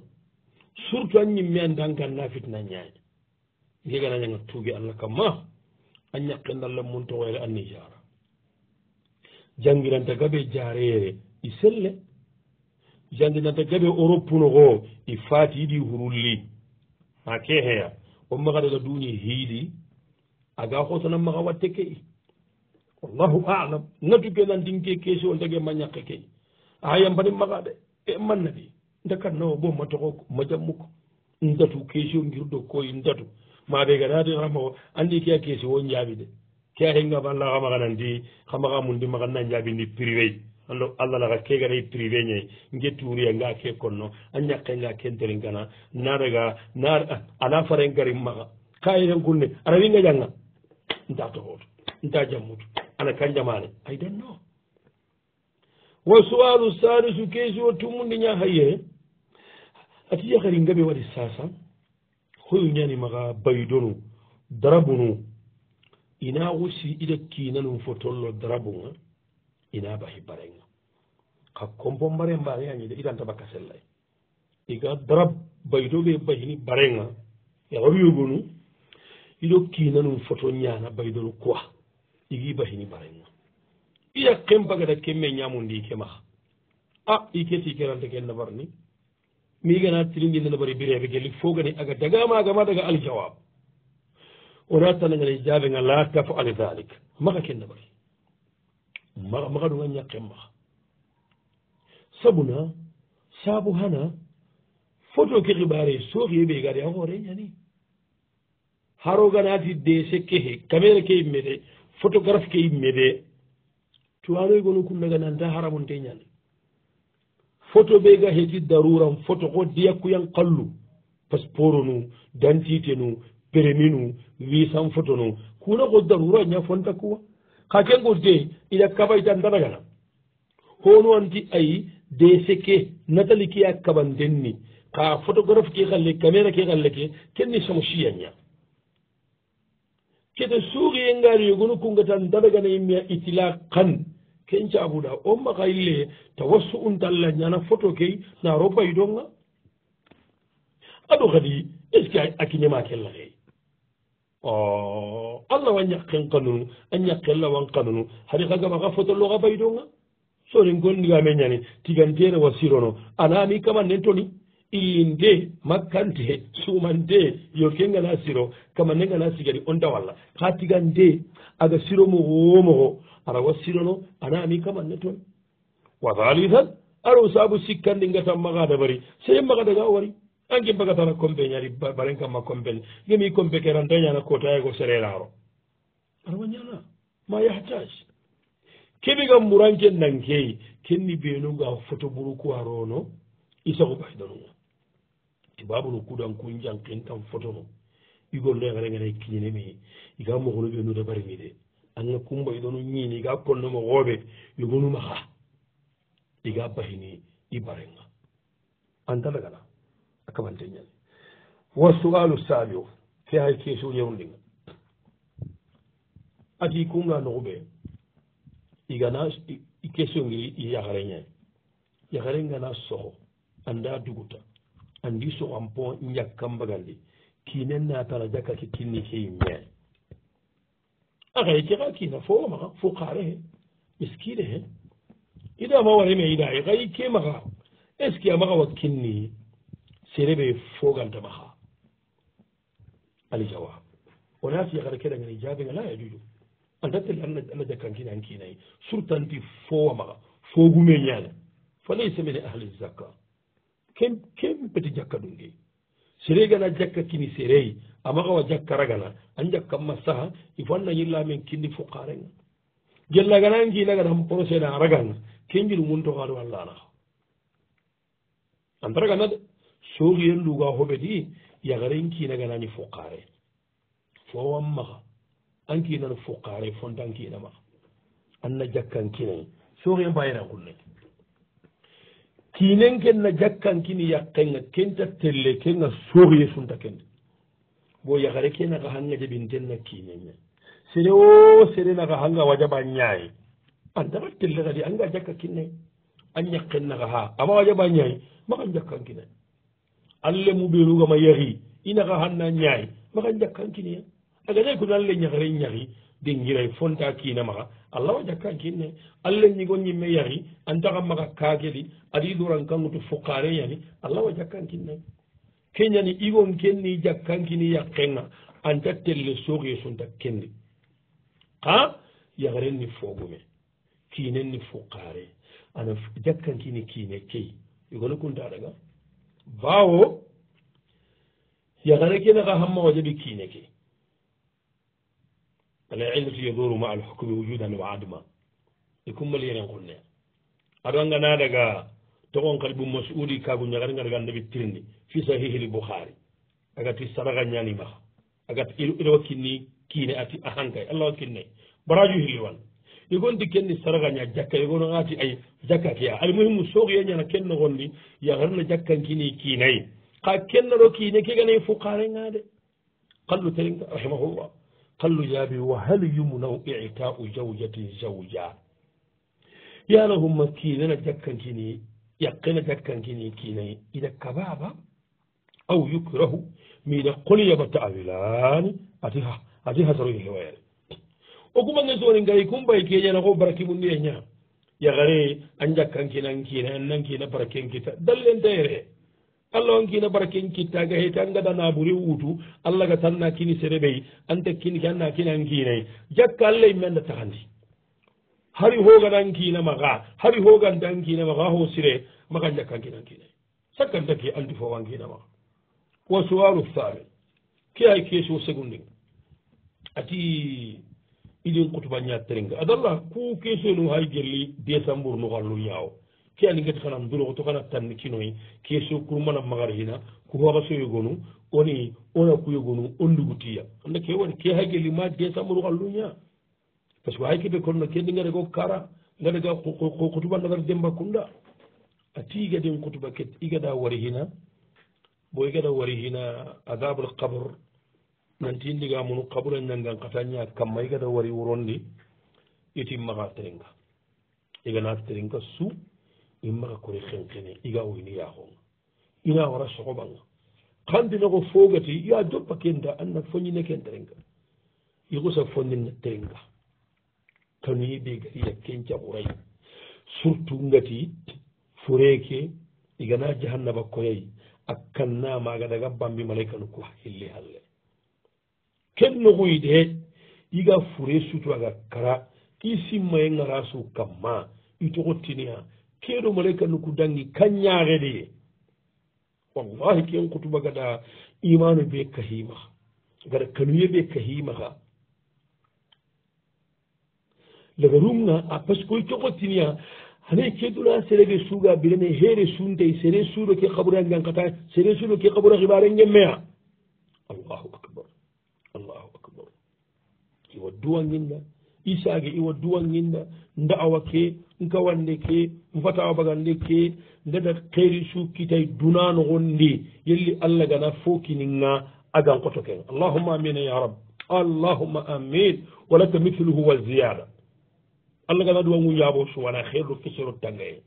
surtout an ñimme an danganna fitna ñaani ndi ganani anga tuubi allah kam ma a ñakkendallah mun toxoyle anni jara jangiranta gabe jareere i selle jandinata gaɓe europpuno ko ɗi faati yiɗi hurulli ha ke heya on maga daga duni hiili aga hotanan maga watte key wallahu alam natuke nandinke keesi on tage ma ñakke key a yampanin maga ɓe e mannabi ndakannawo bo matoxo ma jammuk ndatu keesi o ngirdo koy ndatu maɓe ganaati xamao andi ke a keesi wo njaabi de ke a xenga ba laxa maxa nandi xa maxa mundi maxa na njaabi ndi privey ando allah laga keganayi privé ñe getti wuruya nga ke konno a ñakke nga ke ndere gana naraga na ana fare gari maxa kayiren gulne arawinga janga nta tohoto nta jammutu ana kan jamane aydenno wa soalu salisu keisi wo tumundi ña hayyere ati yahari ngami waɗi sasa hoyu ñani maxa baydonu drabunu ina wusi ida kinanum fo tollo drabunga ina ba hibbarenga ha kompo mbare mbareañide itanta bakka sellay e. iga drab baydoɓe bayini barenga yawawiyogonu iɗo kinanum photo ñana baydonu quoi igi bahini barenga iya kem bagada kemme ñamundi kemaha a ikesi kerante ke nabar ni miigana tirindinde nabari birebe gelli fogani aga dagamagama daga aljawab wona tanagane jabenga la tafal dalik maka ke nabari maxanunga ñakke maxa sabuna saabu xana e foto ke xibaare sooxiye ɓeegaade a xoore ñani xaroganaati deese kexe camera ke yimmede photographe ke yimmede tuwaanoy gonu kunnagananta xaramonte ñani photo ɓeega heti daruran photo xo diyakuyan qallu passeport nu dentité nu permis nu wisan photo nu kuna xo darura ña fonta kuwa ka kengo de ida kabaitan daragana hono anti ay de seke natali ki akaban denni ka photographe ki khalle camera ki khalle ke kenni somo shiyanya kete suri engari yugunu kungatan daragana imya itila kan kenca abuda omma kaille tawassu untalla nyana photo ke na ropa idonga adu khadi eske akinyama kellagei allah wa ñakken kanunu a ñakkella wan kanunu hari ka gama ka fotollo ka bayido ga sorin gondigame ñani tigantere wa sirono anami kamanne toni inde makkante sumande yorke ngana siro kamanne ngana sigari on dawalla ha tigande aga siro mowo moho ara wa sirono anami kamanne toni wa halithan aro sabu sikkandi ngatan maga dabari sey maga daga wari anke bagatana kombe ñari baren kamma kombel gemi kombe kera dañana ko tayago sereraro ara wañana ma yahtaj keɓi gam muranke nankeyi kenni benuga photo ɓuru ku arono isago ɓaydanuga ti babu no kudan kun jankin tan photo no igolno yagare gene kiinemi iga mogono benude barini de anga kumbaydanu ñini iga konnomo xooɓe yogonumaxa iga bahini i barenga antalagana akamante ñande wa sual sabi o fe hay question yewndinga ati kumla noxu ɓe igana question ngi yaxare ñane yaxare ngana soxo anda duguta andi soxan po njag kam mbagandi kiine natala jakake kinni key ñane axe kexa kiina fo maxa fo xaare he miskiine he idama wareme idaye xay ke maxa est ce que a maxa wa kinni sere ɓe fogantama ha alijawa wona fiya kata keɗagani jaabega la yajuju e andatel allah jakkankina ankinayi surtanti fowa maga fogume ñane falaysa mine ahli zakka kem kem peti jakka ɗumge sere gana jakka kini sereyi amagawa jakkaragana an jakkamma saha i fo annañillamen kinni fo karenga gellagana nkinagatan procé na araganga kenjiru muntoxaɗo allanaxa antaraganade sooxiyen luga hoɓeti yagare n kiinaganani fuqare fo wan maxa an kiinan fuqare fonta n kiina maxa an na jakkan kinai sooxiyen bayiran kunnai kiinen ken na jakkan kini yakkenga kenta telle kenga sooxiye sunta kene bo yagare kenaga hanga jabinten na kiinenna sere o sere naga hanga wajaba ñaayi antaxa telle xadi anga jakka kinnai an ñakkennaga xa ama wajaba ñaayi maxan jakkan kinai alle mu ɓeerugama yahi inaka hanna ñaay maka jakkankinie agaɗay kono alle ñahre ñahi dengiray fonta kiina maka allah wa jakkankin ne alle ñigo ñimme yahi antaka maka kaakedi adi duran kanguto fukkare ñani allah wa jakkankin ne keñani igon kenni jakkankini yakkenga anta telle sooke sunta kendi ha yahren ni fogume kiinen ni fukkare ana jakkankini kiine keyi igono kuntaɗaga bawo yagana kenaka hammawajaɓe kiineke ala ilmatu yadoru ma alhukme wujudan wa adma e kummali yeren kunne aɗo angana daga togon kadi ɓum masudi kagu ñagari ga daga annabi tirni fi sahihil bouhari agati sadaga ñanimaha agati ilwa kinni kiine ati ahankay allah wa kinnay baraju hilli wan يقول دي كني يا جاكا يقول غاتي اي جاكا كيا المهم سوغي انا كن غوندي يا غرنا جاكا كيني كيني قا كن رو كيني كي غني فقاري غاد قالو تلين رحمه الله قالو يا بي وهل يمنع اعتاء زوجه زوجا يا له مكينه جاكا كيني يا كن جاكا كيني كيني اذا كبابا او يكره من قل يا بتعلان اتيها اتيها تروي هوايه o kumanga soni ngayi kumbay keñana ko baraki mum ndiye ña yakare a jakkankina nkina nankina barake nkitta dallentayre allah on kina barake nkitta ga heyte an ngada naɓuri wutu allah ga tanna kini sere ɓey an tekkini ke anna kina nkinay jakka allah imenda takandi hari hogana nkina maka hari hogante an kina maka ho sire maka jakkankina nkinay sakkantaki andi fof an kina maka wa suwaru thani ke hay keso segundin ati idin kutubaña teringa adalla ku keso num hay gelli décembre nuhallu ñaawo ke ani geti hana nduroxo to kana tanni kinoyi keso kurmana magar hina ku hoxaso yogonu oni ona kuyogonu o ndugutiya anda ke wani ke hay gelli ma décembre nuhallu ña parce que hay keɓe konno ke ndi ngarego kara ngarega kutuba nagar demba kunda a ti igadin kutuba ke igada wari hina bo igada wari hina adabul kabre nanti indiga munu kaɓuren nangan kata ñaat kamma igata wari wurondi itimmaxa terenga iganaat terenga su immaxa kuri xenxene iga wini yaaxonga ina wara soxoɓanga xantinoxo fogati ya joppa kenta anna foñine ken terenga ixusa fonina terenga tanui ɓegariya kencaxuray surtout ngati fureke igana jahannaba koyay a kannamaga daga bambi malaikanu kula xille halle kennogoyde iga fure suturaga kara ki simmaye ngaraso kamma itogo tiniya keɗo malaika nuku dangi kanñaxedeye wallahi ken kutuba gada imanu be kahimaha gada kanuye be kahimaha daga rumna a parce que itogo tiniya hane kedula serege suga birene here suntey sere suɗo ke xaburea ngankata sere suɗo ke xabura xibare ngemmeya allahu akbar iwa duwanginna isaage iwa duwanginna nda'awa ke nkawande ke nfatawa bagande ke ndada keri sukkitay dunanogon nde yelli allah gana fookininga agan koto ken allahuma amina ya rab allahuma amin walaka mithluhu wa ziyada allah gana duwa ngunjaabo suwana xeerdo kesero tangaye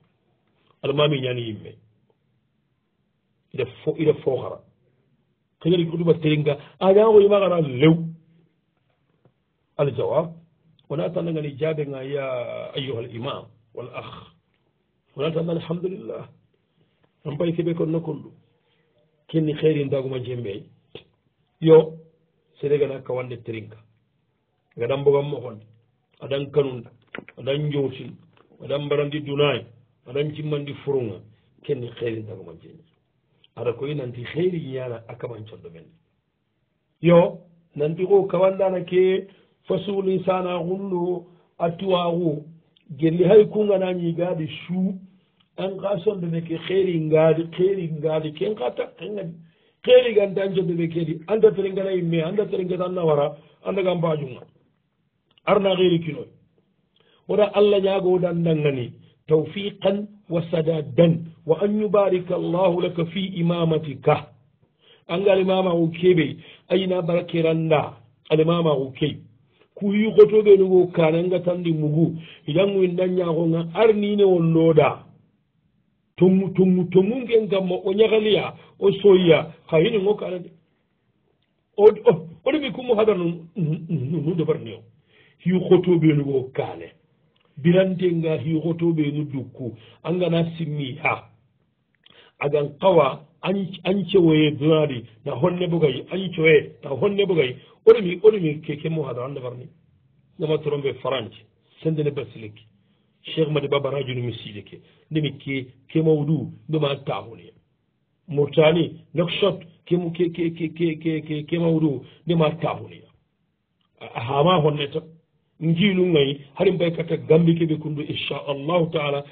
almami ñani yimme ida fo ida fooxara xeñeri oduba teringa agaxoyima xana lew aljawab wona tan dagani jaabe ga ya ayuhal imam wal ah wona tan alhamdulillah on baytiɓe kon nokkon ɗum kinni xeeri daguma jimmeey yo sedegana ka wande trinka gadan bogam mohonde adan kanunda adan jowtin adan mbarandi dunay adan cimmandi furunga kenni xeeri daguma jimme ada koy nanti xeeri ñana a kaman coddo men yo nanti ko kawandana kee fasuli sana gunlu a tuwaku gelli hay kungana ñigaadi su an ka sonde neke xeeri ngaadi xeeri ngaadi ken ka takkengadi xeeri gante an jonde ne kedi anda terengenay me anda terengeta nawara andaga mbajunga arna xeeri kinoy wada allah ñagowda ndangani tawfiqan wa sadadan wa an yubarika allahu laka fi imamatika angalimamaku keɓe ayina barakiranda alimamaku keye kuyugotogenugo kanenga tandi mugu idangu in dañagonga ar nine won looda tomu tomunken kamma o ñagaliya o soyya hayinin o kanade oɗomi kumo hadar nu dobarneo hiyugotoɓenugo kane biranteng hiyugotoɓenu dukku angana simmi ha agan qawa añcewoye donadi na honne bogayi añcowe na honne bogayi oɗomi oɗomi keke mohada an nabarni nama toronɓe france sendene basileke cheikh madi babanajuni mi sideke ndemi ke kemawdu ndema tahuni mourtani nakshot kemu ke ke ke ke kemawdu ndema tahuniya hama honne tan njiilungay hari mbaykata gambi keɓe kon ɗo inchallahu taala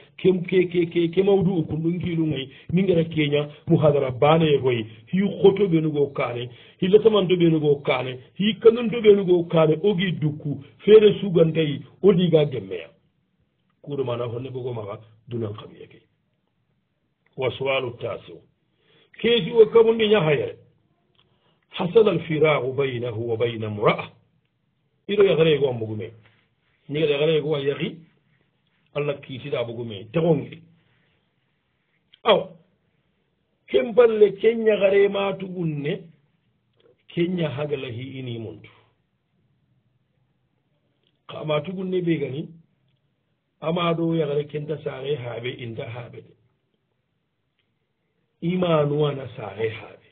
ke mawdu o kon ɗo ngiilungay min gara keña mouhadara baanaye hoy hii hoto ɓeenugo kaane hi lataman do ɓeenugo kaane hii kangan do ɓeenugo kaane ogi dukku feere sugantayi o diga gemmeya kuuɗo mana honne ɓogo maga dunan kamiyake wa soalu taasiw keesi o kamunɗi ñahayere hasana alfiraku baynahu wa bayna mura'a iro yakhareego a mbugume ñiget yakhareego a yaki allah kiisida bugume tegonge aw kemballe ke ñakharematugun ne ke ña hagalahi ini muntu kama tugun ne ɓegani amado yakhare kenta saxe haɓe inta haɓe de imanuwana saxe haɓe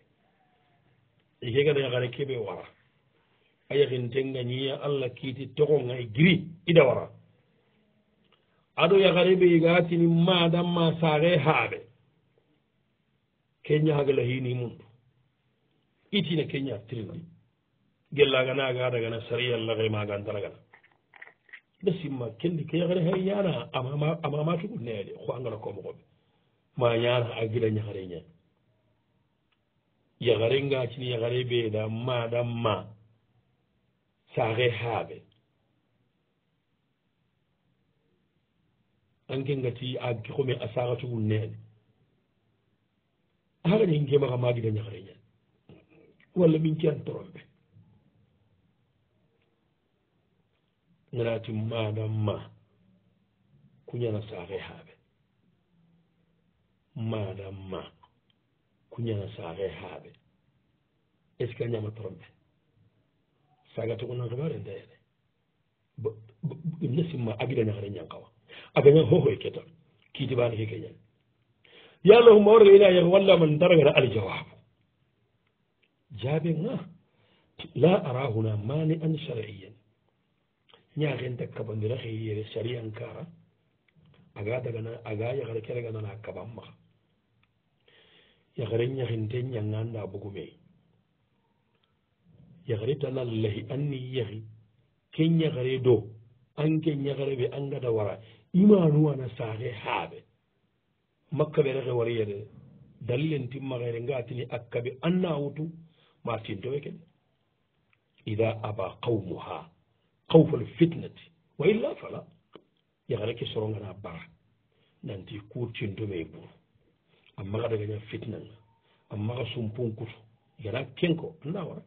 ikegada yakhare keɓe wara a yahin tengañiya allah kiiti togonga e giri ida wara aɗo yahare ɓe yigatini madam ma saare haaɓe keñahagala hini mundu itina keña trindi gellaga nagadagana saria lahe magantalagana nde simma kendi ke yahare hay yana amama amamake ɓu neɗe ho angala komogoɓe ma ñana a gila ñahare ña yahare gatini yahare ɓeeda madam ma saare haaɓe anke ngati a gixome a saratugun neene haxañi ngemaxa maagida ñaxareñan walla min ci an trompe ngaraati madam ma kuñana saaxe haaɓe madam ma kuñana saaxe haaɓe est ce que a ñama trompe saga togonan sagare ndeyene imne simma agidani hara ñankawa agañan hohoy keta bani ke keñan ya allahuma warga ila man daraga daragara aljawabu jaabe ah, ga la ara huna mani an shar'iyan ñaaken dakkabandira xeyere shari'an kara aga na aga yaxara keragana na kaban maxa yaxaren ñaxinte ñanganda bugume yagare talla lahi anni yahi ken yagare do an ken yagare ɓe an gada wara imanuwana sare haaɓe makka ɓe reke wari yede dalilen timmaxere ngatini akkaɓe an na wutu ma tintowe ken ida aba qawmuha qawfa alfitnati wa illa fala yagare ke sorongana bara nanti kurtintume buru amma xa dagaña fitnanga amma xa sumpunkutu yana kenko anda wara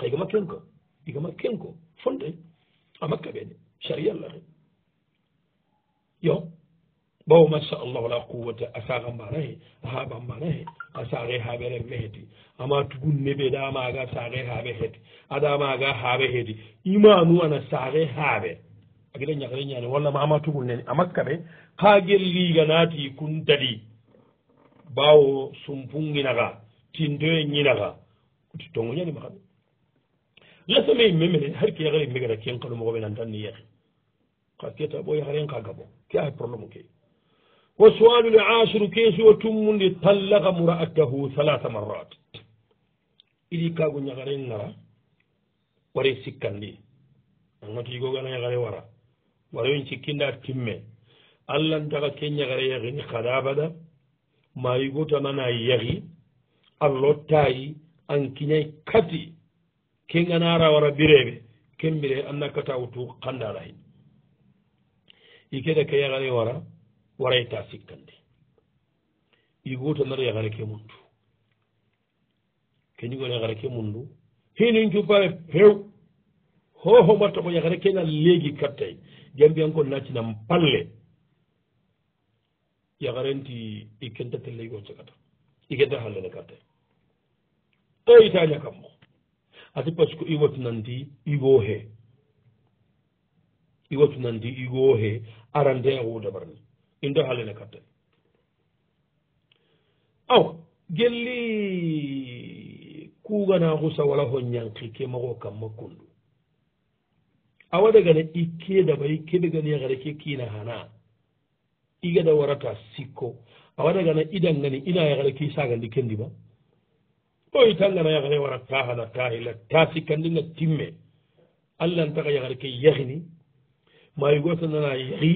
tawi ko makke en ko iko makke en ko fonde a makka ɓeene sari allahre yo ɓawo machallahu la quwata a saaga mbanahe a haaɓa mbanahe a saare haaɓe renme heedi ama tugun neɓe ɗamaaga saare haaɓe heedi aɗamaaga haaɓe heedi imanu ana saare haaɓe a gueɗa ñagare ñaani walla ma ama tugul nene a makka ɓe ha gelliga naati kun daɗi bawo sumpunginaga tinto e ñinaga ti tongo ñanimaaɓe lasame memene har ke yagare megara ken kano mogo ɓen antanni yahe ka keta ɓo yaharen ka gabo ke ay probléme ke wo soalu le asuru keesi o tummunde tallaka mouraatahu halata marat iɗi kago yagaren ngara ware sikkandi angato yigogana yagare wara wara en cikkinda timme allahntaka ke yagare yahini kada bada ma yigotanana yahi allo tayi an kiñay kati ken ganara wara ɓireɓe ken ɓire annakkatawo tu kandara hen i keɗe ka yagare wara warayta sikkande i goto nar yagare ke mundu kañigon yagare ke mundu hinin cupare few hoho mbatta ko yagare kena leegi kattay jambiyan ko naccinam palle yagarenti i kentatelleygon cakata i kenta hallene kattay o yitaña kammo hati pasque ko iwatu nandi igo he iwatu nandi igo he arande e wuude barni indo haalene kattan aw gelli kuganaakusa wala ho ñanki kemago kamma kundu awada gana ikke daba ikkebe gani yahara ke kina hana igada warata sikko awada gana idan gani ina yahara ke sagandi kendi ba oyi tangana yagare wara taahana taahila taasi kandinga timme allah n taga yagare ke yahini mayigoto nana yahi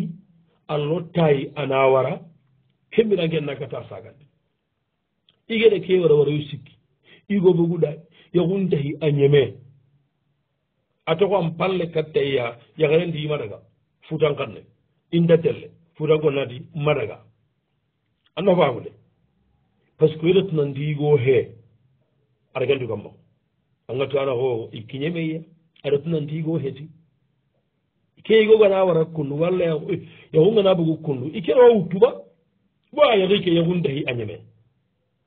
allo taayi ana wara hemmirangen nagata sagande igede ke wara wara yo sikki igo boguɗa yagun jahi a ñeme a togo an palle kattaya yagarendi yi madaga futan kanne indatelle futangonadi madaga a nofaagude par ce que yeɗotunandi igo hee aɗa gandi kam bam angatu ana ho ikkiñemeyya aɗa tunantigo heeti keygo gana wara kundu walla yahu eh, gana bugu kundu ikkeɗo wuttuba bo a yahike yahundahi añeme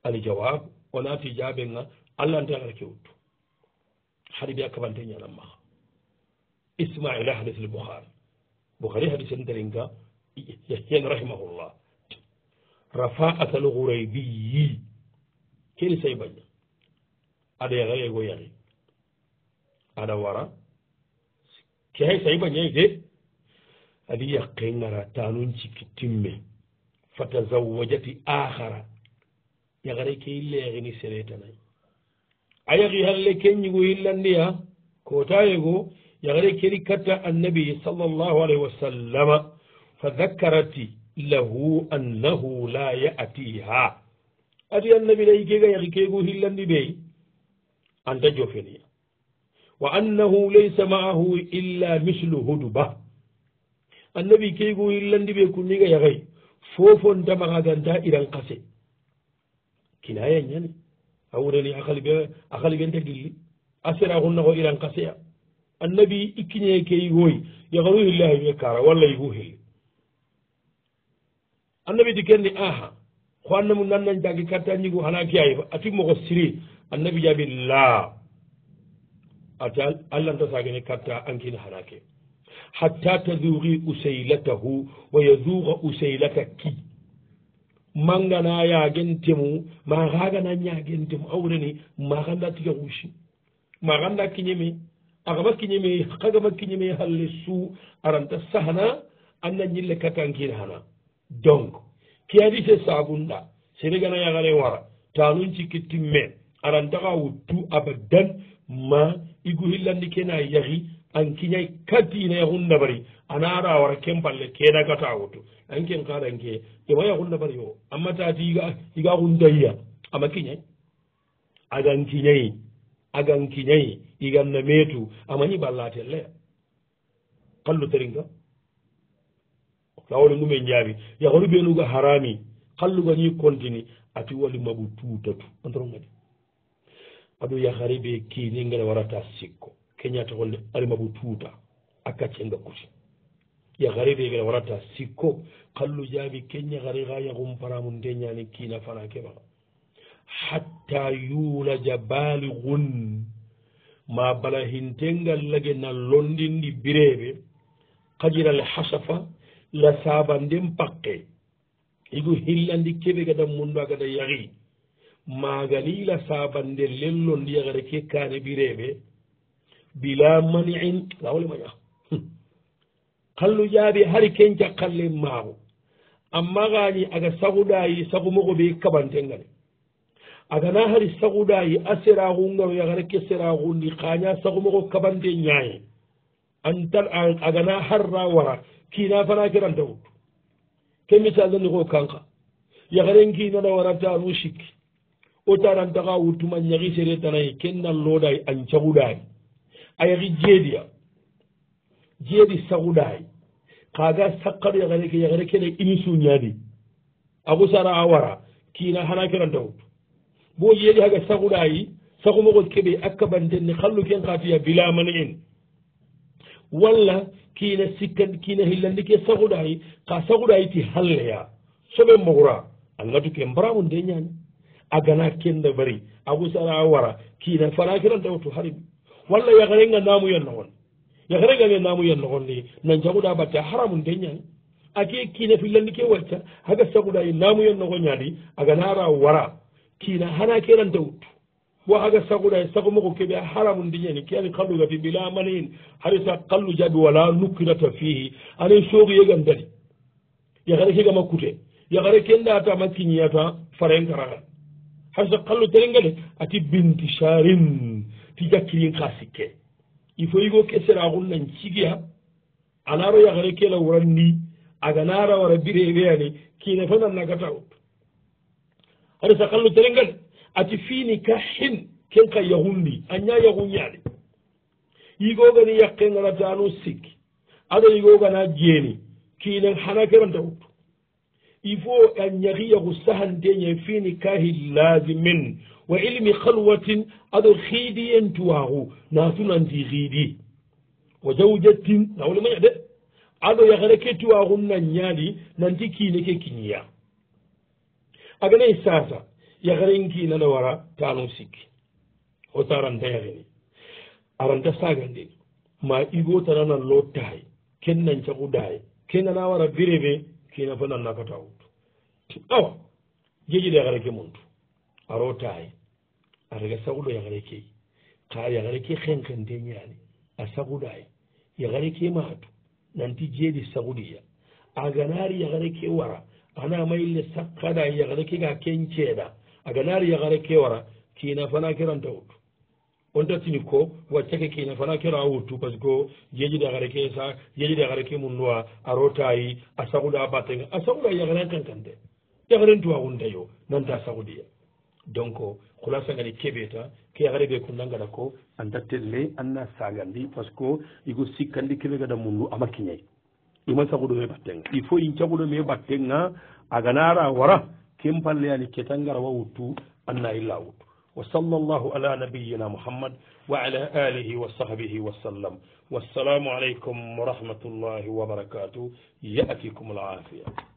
ali jawab onati jaɓega allah nte aɗa ke wuttu haɗi ɓe a kaɓante ñanan maha ismaila hadis l bouhari bouhari hadis ndarinka yahen rahimahullah rafa atal gouraybiyi keri say baña aɗa yaha eygo yahi aɗa wara kehay sayi bañayi de adi yakke gara tanum cikki timme fatazawajati ahara yakare ke illeyahini seretanayi a yahi halle keñigo yillandiya kota yego yakare keri katta annabiyi sall llahu alayhi wa sallama fa dakarati lahu annahu la yaatiha adi annabi nayi kega yahi kego hillandi ɓeyi an dajo feni wa annahu laysa maahu illa mislu huduba annabi keygo yillandi ɓe kunniga yahay fofon damaaganda iran kase kinaya ñani a wurani akalibe akalibente dilli a sera xunnaxo iran kaseya annabi ikkine keygoy yaharu hillahie kara walla yigu hilli annabi di kenni aha ko annamu nannan jagi katta ñigu hana ke ay atimmoxo siri annabi jaabi la ata allahnta sagani katta ankini harake hatta tadugi usailatahu wa yaduga usailata ki mangana yagentemu maagana ñagentemu awreni maganda tiga husi maganda kiñemi agaba kiñemi kagaba kiñemi halle su aranta sahana anna ñille kattankin hana donc ki adise sabunda sene gana yagaren wara tanun cikki timme aran taxa wuttu abaddan ma igu xillandi kena yaxi an kiñay katina yaxun nabari ana ara wara kempalle kena gata wutu an ken xaranke ema yaxun nabari o amatati iga xundaya ama kiñay agan kiñay agan kiñay iganna metu amañi ballatelle xallu teringa lawoli ngume ñaami yaxoru ɓenuga harami xalluga ñi continue ati walimaɓu tuutatu antorogadi aɗum yahari ɓe kiini ngeɗa warata sikko keñata holle arimabu tuuta akkaccenga kuti yahari ɓe ngeɗa warata sikko kallu jaami keña hari ha yahum paramu ndeñani kiina fana keɓa hatta yuulaja baaligun ma bala hintengal lage na londinɗi bireɓe kajiral hasafa la saaba nden pakke higo hillandi keɓe gada mundu a gada yahi maagalila sabande lello ndiyagare kekkane ɓireɓe bila manin lawolemaña kallu jaabi hari kenca kalle maago amma gani aga sahuɗayi sahumogo ɓe kaɓantengane agana hari sahuɗayi a seragungaro yagare ke seragundi kaña sahumogo kaɓante ñaye antan agana harra wara kina fana keranta wuttu ke misal dani ko kanka yagaren kinana warata anu sikki o tarantaxa wurtuma ñaxi seretanaye ken na looɗay an caxuɗaay a yaxi jeediya jeedi saxuɗaay xaaga saqaɗo yaxareke yaxare kene ini suñaadi axu sara a wara kiina xana keranta wutu bo jeedi xaga saxuɗaay saxumoxo keɓe a kaɓanten ne xallu ken xaatiya bilamanen walla kiina sikka kiina xillandi ke saxuɗaay xa saxuɗaay ti halleya soɓe moxura a ngatu ke mbaramu nde ñaani a gana kenda bari abusara a wara kiina farakiran dawtu hari walla yakarenga namu yonnogon yakarengane namu yonnogonni nan jaguɗa batte haramu deñani ake kiina fillandi ke wacca haga saguɗa e namu yonnogoñadi a ganara wara kiina hana keran dawtu bo haga saguɗa e sago mogo keɓe haramu deñani keani kallugati bila manin hari sa kallu jaɓi wala nukkinata fihi anen sogu yegandadi yakare kegama kute yakare kendata ma kiñiyata farenkaragan haysa qallutere ngede ati bintisarin ti jakkirin ka sikke il faut yigo keseraxun nan cigiya anaro yaxare kela wuranni aganara wara bireɓeyani kiine fa nan nagata ut haysa qallutere ngede ati fini kaxin ken ka yaxundi a ña yaxuñaade yigogani yaqqe ngana tanu sikki aɗo yigogana jeeni kiinen xana keɓanta ut il faut an yahiyahu sahanteñen fini kahi lazimin wa ilmi halwatin aɗo xiidiyentuwaaxu naasunanti xiidi wa jawjatin nawolemaña de aɗo yaxere ke tuwaaxu nan ñaali nanti kiine ke kiñiya aganay e sasa yaxeren kiinana wara taanu sik wota aranta yaxini aranta sagandin ma igotananan lo taay ken nancaxu daay ke nana wara birebe kiina fa nannakataxu to jeji ɗo e yagareke muntu a rotaye araga sahuɗo yagareke ka yagareke henkente ñaani a sahuɗaye yagareke maatu nanti jeeɗi sahuɗiya aganaari yagareke wara ana mayille sakkaɗa e yagareke ga kenceeɗa aganaari yagareke wara kiina fana keranta wutu on tatini ko waccake kiina fana kera wuttu par ce que jeeji ɗagareke e sa jeeji ɗagareke mum noa a rotayi a sahuɗa a batteg a sahuɗa yagaran kankante yagarentuwa wontayo nanta sahoudia donc kulasa gani keɓeta ke yagare ɓe ko nangata ko andatelle anna sagandi par ce que igo sikkandi keɓe gada mundu ama kiñay ima sahuɗome battenga il faut in cahuɗome battenga aganara wara ken palleyani ketan gara wa wuttu anna illa wuttu wa sall llahu ala nabiyina mouhammad wa ala alihi wa sahbihi wasallam wassalamu aleykum warahmatullahi wabarakatu yatikum lafia la